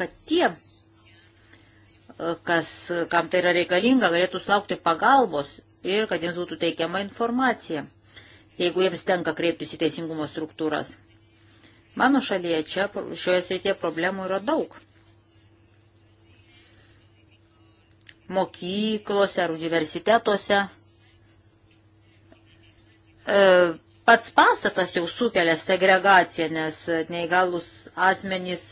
kad tie, e, kas, kam tai yra reikalinga, galėtų sulaukti pagalbos ir kad jiems būtų teikiama informacija, jeigu jiems tenka kreiptis į teisingumo struktūras. Mano šalyje čia šioje srityje problemų yra daug. Mokyklose ar universitetuose e, pats pastatas jau sukelia segregaciją, nes neįgalus asmenys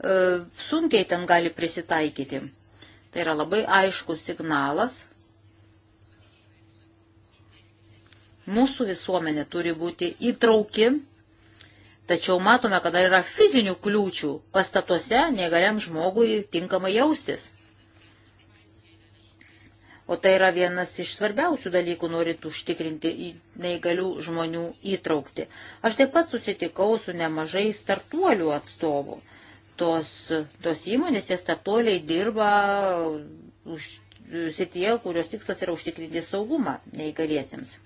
E, sunkiai ten gali prisitaikyti. Tai yra labai aiškus signalas. Mūsų visuomenė turi būti įtrauki, tačiau matome, kad yra fizinių kliūčių pastatuose negaliam žmogui tinkamai jaustis. O tai yra vienas iš svarbiausių dalykų, norint užtikrinti neįgalių žmonių įtraukti. Aš taip pat susitikau su nemažai startuolių atstovų. Tos, tos įmonės, tie startuoliai dirba už srityje, kurios tikslas yra užtikrinti saugumą neįgaliesiems.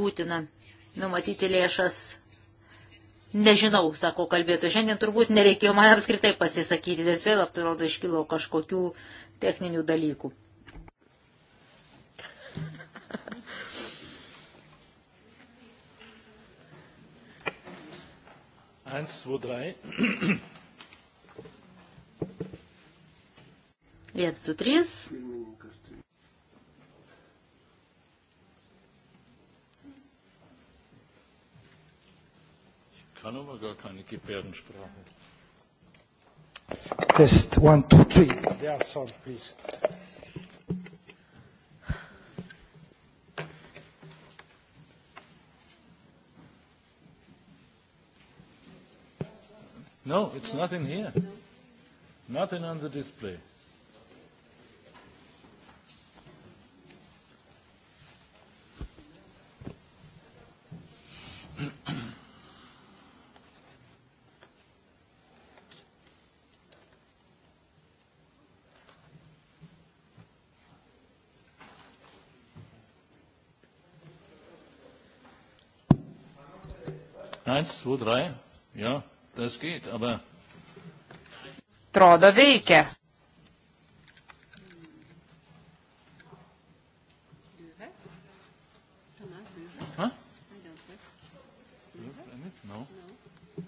Būtina numatyti lėšas. Nežinau, sako kalbėtų. Šiandien turbūt nereikėjo man apskritai pasisakyti, nes vėl atrodo iškilo kažkokių techninių dalykų.
Eins, zwei, drei.
Vienas, du, trys.
Ich kann aber gar keine Gebärdensprache.
Test 1, 2,
3. Yeah, sorry, please. No, it's nothing here. Nothing on the display. Eins, zwei, drei, ja. Das geht, aber. Atrodo veikia.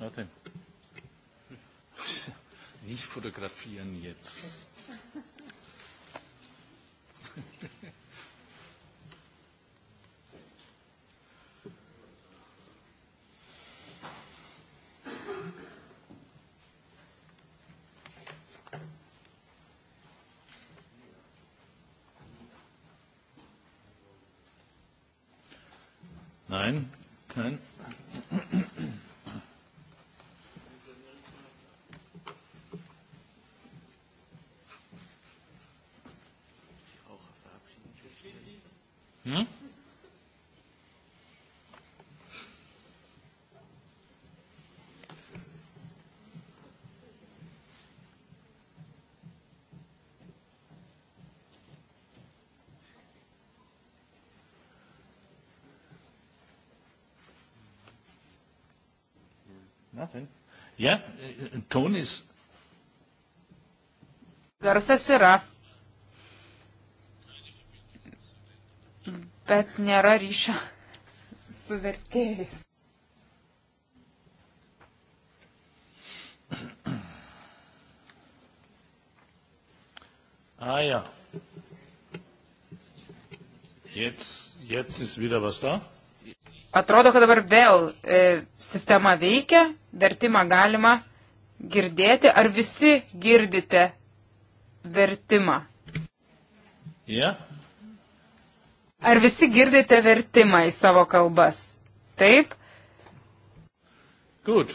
Nicht fotografieren jetzt. Nein? Kein? Nothing. Yeah, uh, tone is.
Garsas yra. Bet nėra ryšio su vertėjais.
Ah ja. Jetzt, jetzt ist wieder was da.
Atrodo, kad dabar vėl e, sistema veikia, vertimą galima girdėti. Ar visi girdite vertimą? Yeah. Ar visi girdite vertimą į savo kalbas? Taip? Good.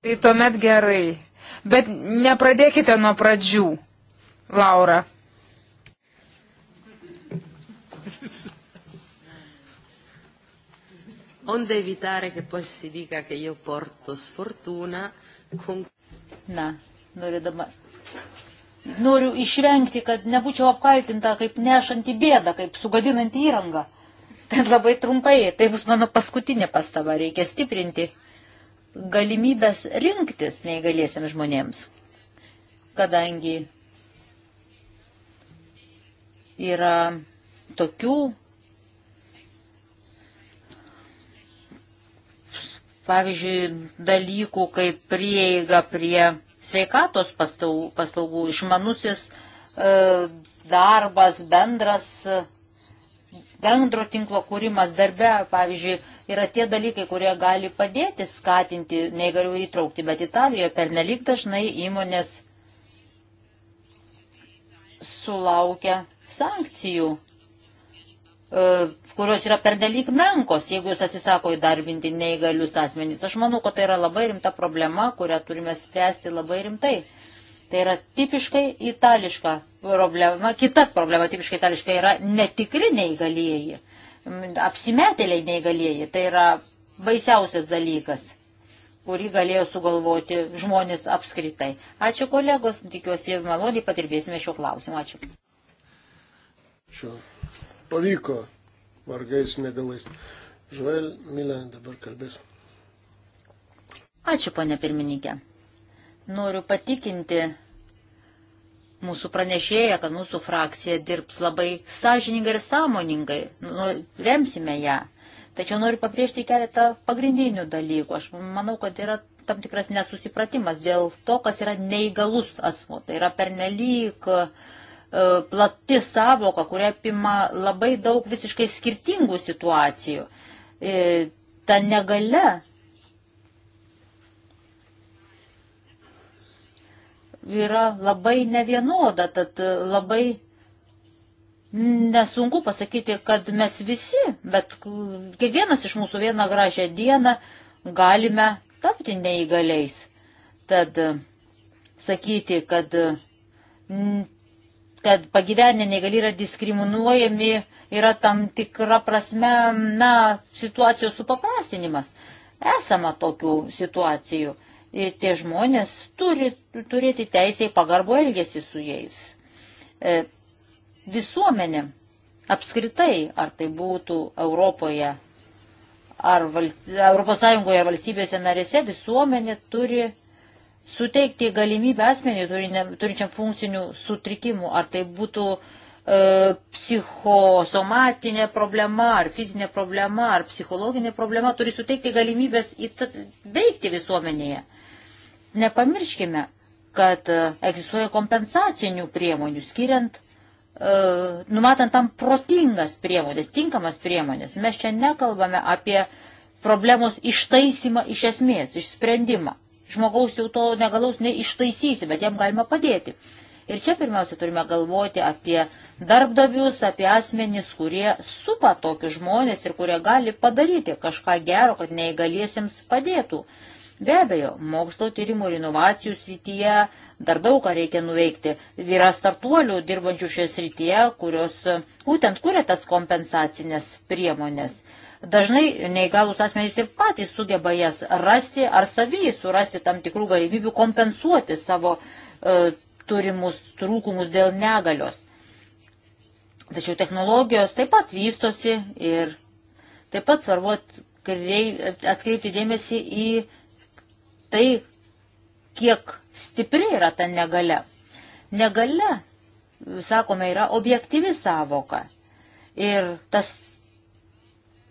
Tai tuomet gerai. Bet nepradėkite nuo pradžių, Laura.
onde evitare che poi si dica che io porto sfortuna. Con... Na, norėdama. Noriu išvengti, kad nebūčiau apkaltinta kaip nešanti bėdą, kaip sugadinanti įrangą. Tai labai trumpai, tai bus mano paskutinė pastaba, reikia stiprinti galimybės rinktis neįgaliesiams žmonėms, kadangi yra tokių pavyzdžiui, dalykų kaip prieiga prie sveikatos paslaugų, paslaugų išmanusis e, darbas, bendras, bendro tinklo kūrimas darbe, pavyzdžiui, yra tie dalykai, kurie gali padėti skatinti neįgalių įtraukti, bet Italijoje per nelik dažnai įmonės sulaukia sankcijų e, kurios yra pernelyg menkos, jeigu jūs atsisako įdarbinti neįgalius asmenys. Aš manau, kad tai yra labai rimta problema, kurią turime spręsti labai rimtai. Tai yra tipiškai itališka problema. Kita problema tipiškai itališka yra netikri neįgalieji, apsimetėliai neįgalieji. Tai yra baisiausias dalykas kurį galėjo sugalvoti žmonės apskritai. Ačiū kolegos, tikiuosi maloniai padirbėsime šio klausimu. Ačiū. Ačiū.
Pavyko vargais negalais. Žuel Milė dabar kalbės.
Ačiū, ponė pirmininkė. Noriu patikinti mūsų pranešėją, kad mūsų frakcija dirbs labai sąžiningai ir sąmoningai. Nu, remsime ją. Tačiau noriu pabrėžti keletą pagrindinių dalykų. Aš manau, kad yra tam tikras nesusipratimas dėl to, kas yra neįgalus asmo. Tai yra pernelyg uh, E, plati savoka, kuria apima labai daug visiškai skirtingų situacijų. E, ta negale yra labai nevienoda, tad labai nesunku pasakyti, kad mes visi, bet kiekvienas iš mūsų vieną gražią dieną galime tapti neįgaliais. Tad sakyti, kad kad pagyvenę negali yra diskriminuojami, yra tam tikra prasme, na, situacijos supaprastinimas. Esama tokių situacijų. Ir tie žmonės turi turėti teisę į pagarbų elgesį su jais. E, visuomenė apskritai, ar tai būtų Europoje, ar valst... Europos Sąjungoje, ar valstybėse narėse, visuomenė turi suteikti galimybę asmenį turinčiam funkcinių sutrikimų, ar tai būtų e, psichosomatinė problema, ar fizinė problema, ar psichologinė problema, turi suteikti galimybės veikti visuomenėje. Nepamirškime, kad e, egzistuoja kompensacinių priemonių, skiriant, e, numatant tam protingas priemonės, tinkamas priemonės. Mes čia nekalbame apie problemos ištaisimą iš esmės, išsprendimą žmogaus jau to negalaus neištaisysi, bet jam galima padėti. Ir čia pirmiausia turime galvoti apie darbdavius, apie asmenys, kurie supa tokius žmonės ir kurie gali padaryti kažką gero, kad neįgaliesiems padėtų. Be abejo, mokslo tyrimų ir inovacijų srityje dar daug ką reikia nuveikti. Yra startuolių dirbančių šioje srityje, kurios būtent kuria tas kompensacinės priemonės. Dažnai neįgalus asmenys ir patys sugeba jas rasti ar savyje surasti tam tikrų galimybių kompensuoti savo e, turimus trūkumus dėl negalios. Tačiau technologijos taip pat vystosi ir taip pat svarbu atkreipti dėmesį į tai, kiek stipri yra ta negale. Negale, sakome, yra objektyvi savoka. Ir tas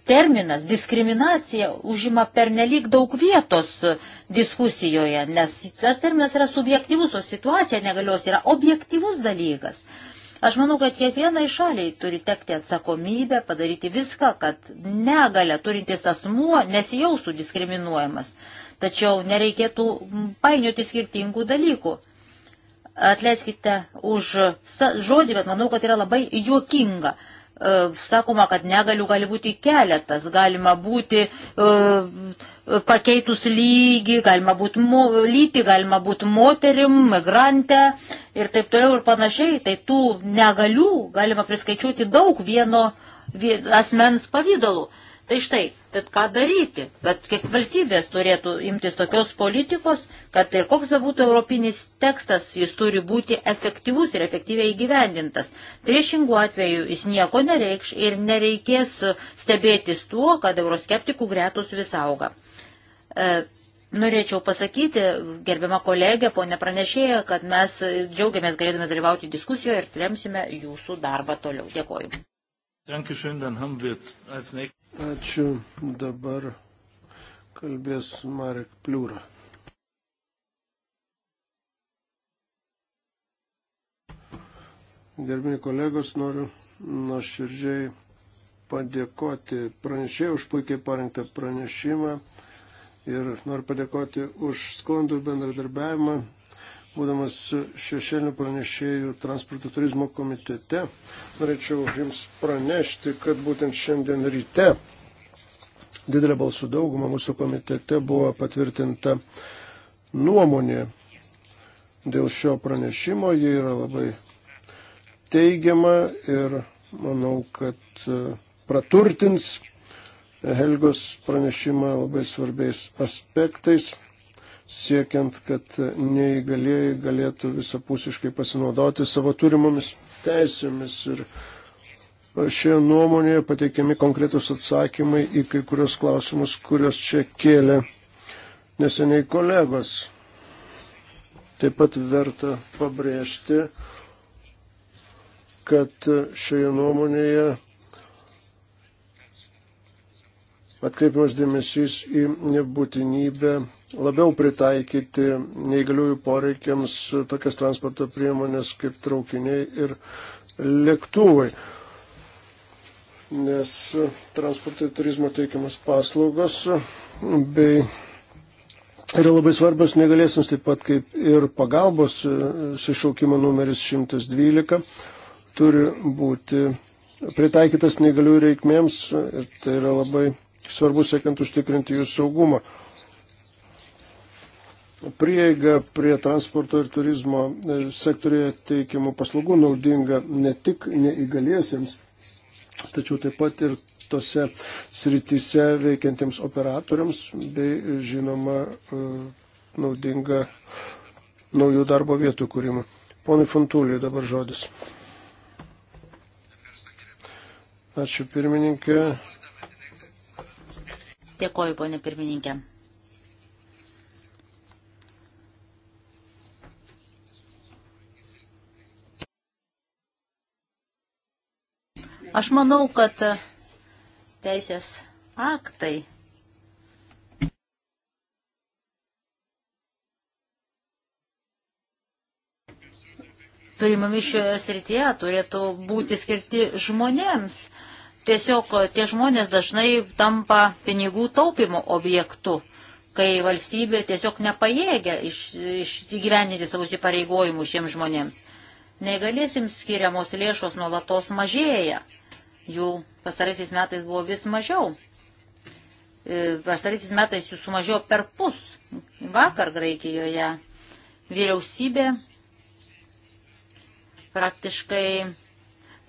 terminas diskriminacija užima pernelyg daug vietos diskusijoje, nes tas terminas yra subjektyvus, o situacija negalios yra objektyvus dalykas. Aš manau, kad kiekvienai šaliai turi tekti atsakomybę padaryti viską, kad negalę turintis asmuo nesijaustų diskriminuojamas. Tačiau nereikėtų painioti skirtingų dalykų. Atleiskite už žodį, bet manau, kad yra labai juokinga E, sakoma, kad negalių gali būti keletas, galima būti e, pakeitus lygį, galima būti mo, lyti, galima būti moterim, migrantę ir taip toliau ir panašiai. Tai tų negalių galima priskaičiuoti daug vieno asmens pavydalu. Tai štai, tad ką daryti, kad kiek valstybės turėtų imtis tokios politikos, kad ir koks bebūtų europinis tekstas, jis turi būti efektyvus ir efektyviai įgyvendintas. Priešingų atveju jis nieko nereikš ir nereikės stebėtis tuo, kad euroskeptikų gretus vis auga. E, Norėčiau pasakyti, gerbiama kolegė, ponė pranešėja, kad mes džiaugiamės galėdami dalyvauti diskusijoje ir remsime jūsų darbą toliau. Dėkoju.
Ačiū. Dabar kalbės
Marek Pliūra. Gerbimi kolegos, noriu nuoširdžiai padėkoti pranešėjai už puikiai parengtą pranešimą ir noriu padėkoti už sklandų bendradarbiavimą būdamas šešėlinių pranešėjų transporto turizmo komitete, norėčiau Jums pranešti, kad būtent šiandien ryte didelė balsų dauguma mūsų komitete buvo patvirtinta nuomonė dėl šio pranešimo. Ji yra labai teigiama ir manau, kad e, praturtins Helgos pranešimą labai svarbiais aspektais siekiant, kad neįgalėjai galėtų visapusiškai pasinaudoti savo turimomis teisėmis. Ir šioje nuomonėje pateikiami konkretus atsakymai į kai kurios klausimus, kurios čia kėlė neseniai kolegos. Taip pat verta pabrėžti, kad šioje nuomonėje atkreipiamas dėmesys į būtinybę labiau pritaikyti neįgaliųjų poreikiams tokias transporto priemonės kaip traukiniai ir lėktuvai. Nes transporto ir turizmo teikiamas paslaugos bei yra labai svarbios negalėsims taip pat kaip ir pagalbos sišaukimo numeris 112 turi būti pritaikytas neįgaliųjų reikmėms ir tai yra labai svarbus, siekiant užtikrinti jų saugumą. Prieiga prie transporto ir turizmo e, sektorėje teikiamų paslaugų naudinga ne tik neįgaliesiems, tačiau taip pat ir tose srityse veikiantiems operatoriams bei, žinoma, e, naudinga naujų darbo vietų kūrimą. Ponai Fantuliai dabar žodis. Ačiū pirmininkė.
Dėkoju, ponė pirmininkė. Aš manau, kad teisės aktai turimami šioje srityje turėtų būti skirti žmonėms, tiesiog tie žmonės dažnai tampa pinigų taupimo objektu, kai valstybė tiesiog nepajėgia iš, iš, įgyveninti savo įsipareigojimų šiems žmonėms. Negalėsim skiriamos lėšos nuolatos mažėja. Jų pastaraisiais metais buvo vis mažiau. E, pastaraisiais metais jų sumažėjo per pus. Vakar Graikijoje vyriausybė praktiškai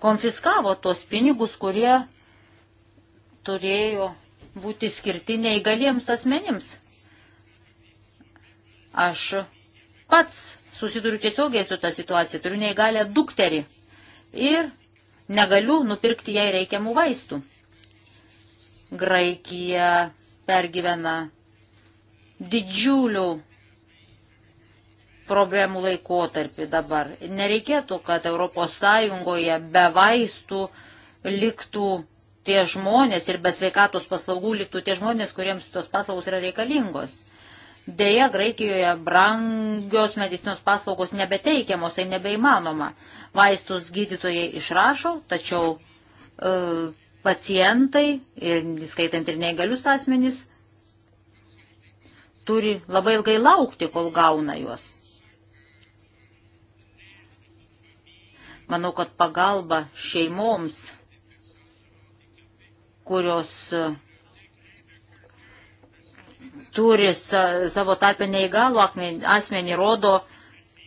konfiskavo tos pinigus, kurie turėjo būti skirti neįgaliems asmenims. Aš pats susiduriu tiesiogiai su tą situaciją, turiu neįgalę dukterį ir negaliu nupirkti jai reikiamų vaistų. Graikija pergyvena didžiulių problemų laikotarpį dabar. Nereikėtų, kad ES be vaistų liktų tie žmonės ir be sveikatos paslaugų liktų tie žmonės, kuriems tos paslaugos yra reikalingos. Deja, Graikijoje brangios medicinos paslaugos nebeteikiamos, tai nebeįmanoma. Vaistus gydytojai išrašo, tačiau e, pacientai, ir skaitant ir neįgalius asmenys, turi labai ilgai laukti, kol gauna juos. Manau, kad pagalba šeimoms, kurios e, turi savo tapę neįgalų asmenį, rodo,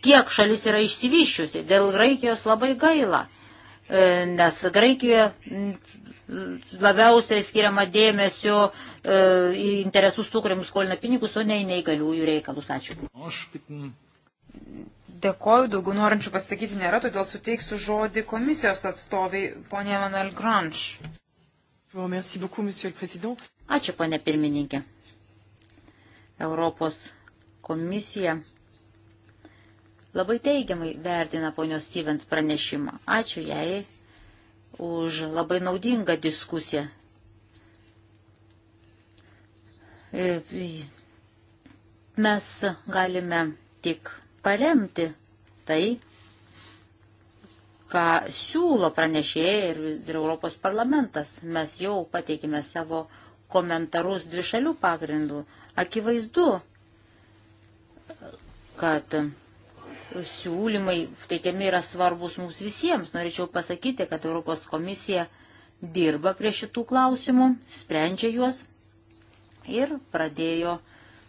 kiek šalis yra išsivyščiusi. Dėl Graikijos labai gaila, e, nes Graikijoje labiausiai skiriama dėmesio e, į interesus tų, kuriems skolina pinigus, o ne į neįgaliųjų reikalus. Ačiū. Dėkoju, daugiau
norinčių pasakyti nėra, todėl suteiksiu žodį komisijos atstoviai, ponė Emanuel Granš.
Ačiū, ponė pirmininkė. Europos komisija labai teigiamai vertina ponios Stevens pranešimą. Ačiū jai už labai naudingą diskusiją. E, mes galime tik paremti tai, ką siūlo pranešėjai ir, ir Europos parlamentas. Mes jau pateikime savo komentarus dvišalių pagrindų. Akivaizdu, kad siūlymai teikiami yra svarbus mums visiems. Norėčiau pasakyti, kad Europos komisija dirba prie šitų klausimų, sprendžia juos ir pradėjo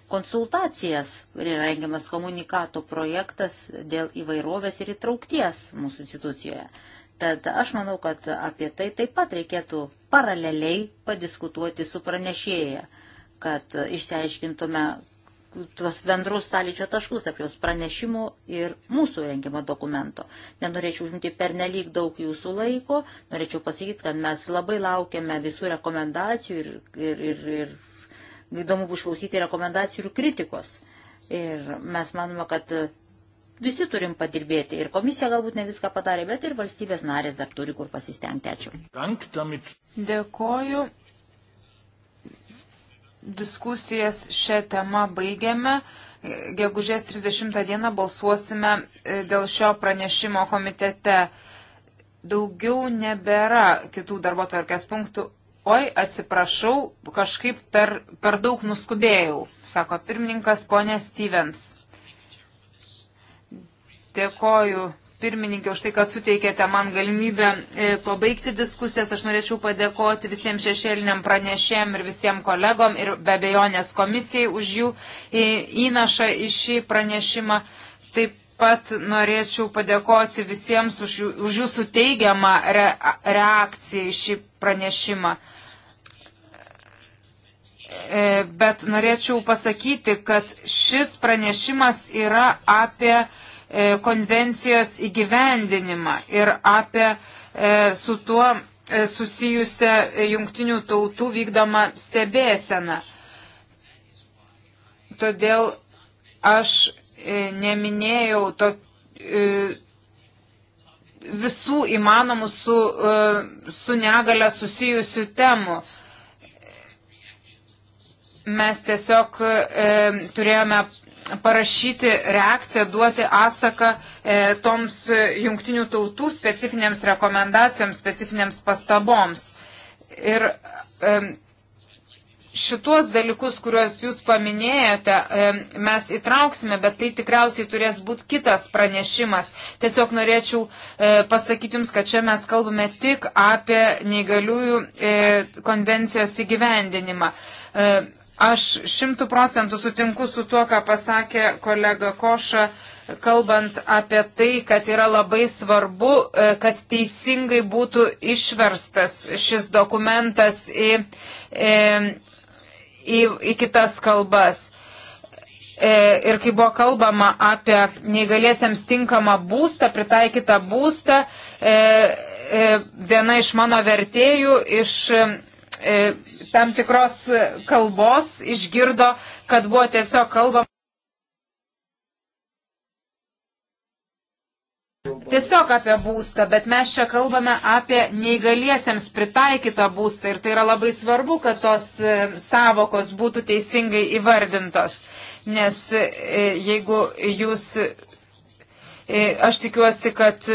konsultacijas ir rengiamas komunikato projektas dėl įvairovės ir įtraukties mūsų institucijoje. Tad aš manau, kad apie tai taip pat reikėtų paraleliai padiskutuoti su pranešėja, kad išsiaiškintume tuos bendrus sąlyčio taškus tarp jos pranešimų ir mūsų rengimo dokumento. Nenorėčiau užimti per nelik daug jūsų laiko, norėčiau pasakyti, kad mes labai laukiame visų rekomendacijų ir, ir, ir, ir įdomu bus išklausyti rekomendacijų ir kritikos. Ir mes manome, kad visi turim padirbėti. Ir komisija galbūt ne viską padarė, bet ir valstybės narės dar turi kur pasistengti. Ačiū. Dėkoju. Diskusijas šią
temą baigiame. Gegužės 30 dieną balsuosime e, dėl šio pranešimo komitete. Daugiau nebėra kitų darbo tvarkės punktų. Oi, atsiprašau, kažkaip per, per daug nuskubėjau, sako pirmininkas ponė Stevens. Dėkoju pirmininkė už tai, kad suteikėte man galimybę e, pabaigti diskusijas. Aš norėčiau padėkoti visiems šešėliniam pranešėm ir visiems kolegom ir be abejonės komisijai už jų e, įnašą į šį pranešimą. Taip pat norėčiau padėkoti visiems už, jų, už jūsų teigiamą re, reakciją į šį pranešimą. E, bet norėčiau pasakyti, kad šis pranešimas yra apie e, konvencijos įgyvendinimą ir apie e, su tuo susijusią jungtinių tautų vykdomą stebėseną. Todėl aš neminėjau to, visų įmanomų su, su negale susijusių temų mes tiesiog e, turėjome parašyti reakciją, duoti atsaką e, toms jungtinių tautų specifinėms rekomendacijoms, specifinėms pastaboms. Ir e, šituos dalykus, kuriuos jūs paminėjote, e, mes įtrauksime, bet tai tikriausiai turės būti kitas pranešimas. Tiesiog norėčiau e, pasakyti jums, kad čia mes kalbame tik apie neįgaliųjų e, konvencijos įgyvendinimą. E, Aš šimtų procentų sutinku su tuo, ką pasakė kolega Koša, kalbant apie tai, kad yra labai svarbu, e, kad teisingai būtų išverstas šis dokumentas į, į, e, į, į kitas kalbas e, ir kai buvo kalbama apie neįgaliesiams tinkamą būstą, pritaikytą būstą, viena iš mano vertėjų iš E, tam tikros kalbos išgirdo, kad buvo tiesiog kalbama. Tiesiog apie būstą, bet mes čia kalbame apie neįgaliesiems pritaikytą būstą ir tai yra labai svarbu, kad tos e, savokos būtų teisingai įvardintos. Nes e, jeigu jūs, aš tikiuosi, kad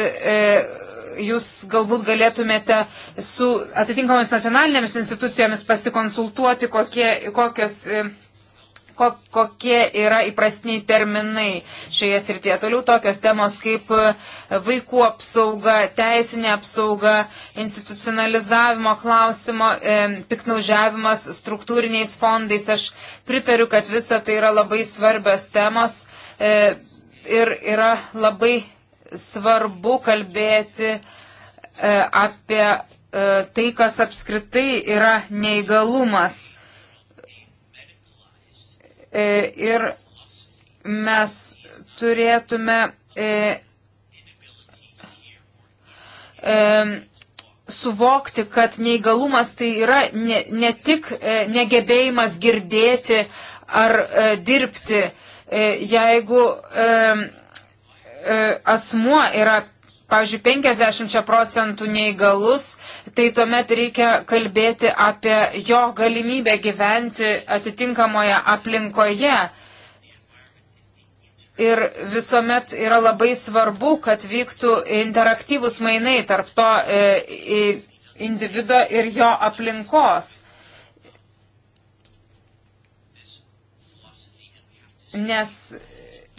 jūs galbūt galėtumėte su atitinkamomis nacionalinėmis institucijomis pasikonsultuoti, kokie, kokios, e, ko, kokie yra įprastiniai terminai šioje srityje. Toliau tokios temos kaip e, vaikų apsauga, teisinė apsauga, institucionalizavimo klausimo, e, piknaužiavimas struktūriniais fondais. Aš pritariu, kad visa tai yra labai svarbios temos ir yra labai svarbu kalbėti e, apie e, tai, kas apskritai yra neįgalumas. E, ir mes turėtume suvokti, kad neįgalumas tai yra ne, ne tik negebėjimas girdėti ar e, dirbti. E, jeigu e, E, asmuo yra, pavyzdžiui, 50 procentų neįgalus, tai tuomet reikia kalbėti apie jo galimybę gyventi atitinkamoje aplinkoje. Ir visuomet yra labai svarbu, kad vyktų interaktyvus mainai tarp to e, individo ir jo aplinkos. Nes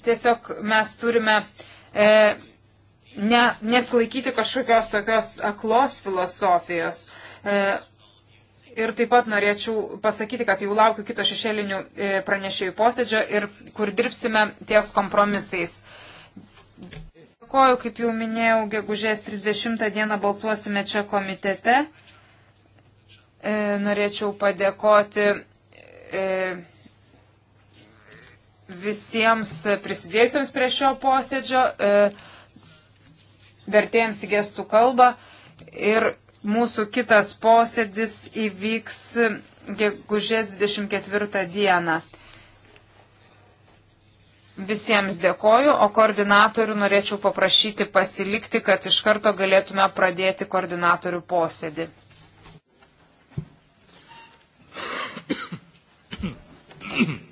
tiesiog mes turime uh, e, ne, nesilaikyti kažkokios tokios aklos filosofijos. E, Ir taip pat norėčiau pasakyti, kad jau laukiu kito šešėlinių e, pranešėjų posėdžio ir kur dirbsime ties kompromisais. Dėkoju, kaip jau minėjau, gegužės 30 dieną balsuosime čia komitete. E, norėčiau padėkoti e, visiems prisidėjusiems prie šio posėdžio, e, vertėjams į gestų kalbą ir mūsų kitas posėdis įvyks gegužės 24 dieną. Visiems dėkoju, o koordinatorių norėčiau paprašyti pasilikti, kad iš karto galėtume pradėti koordinatorių posėdį. Mm-hmm.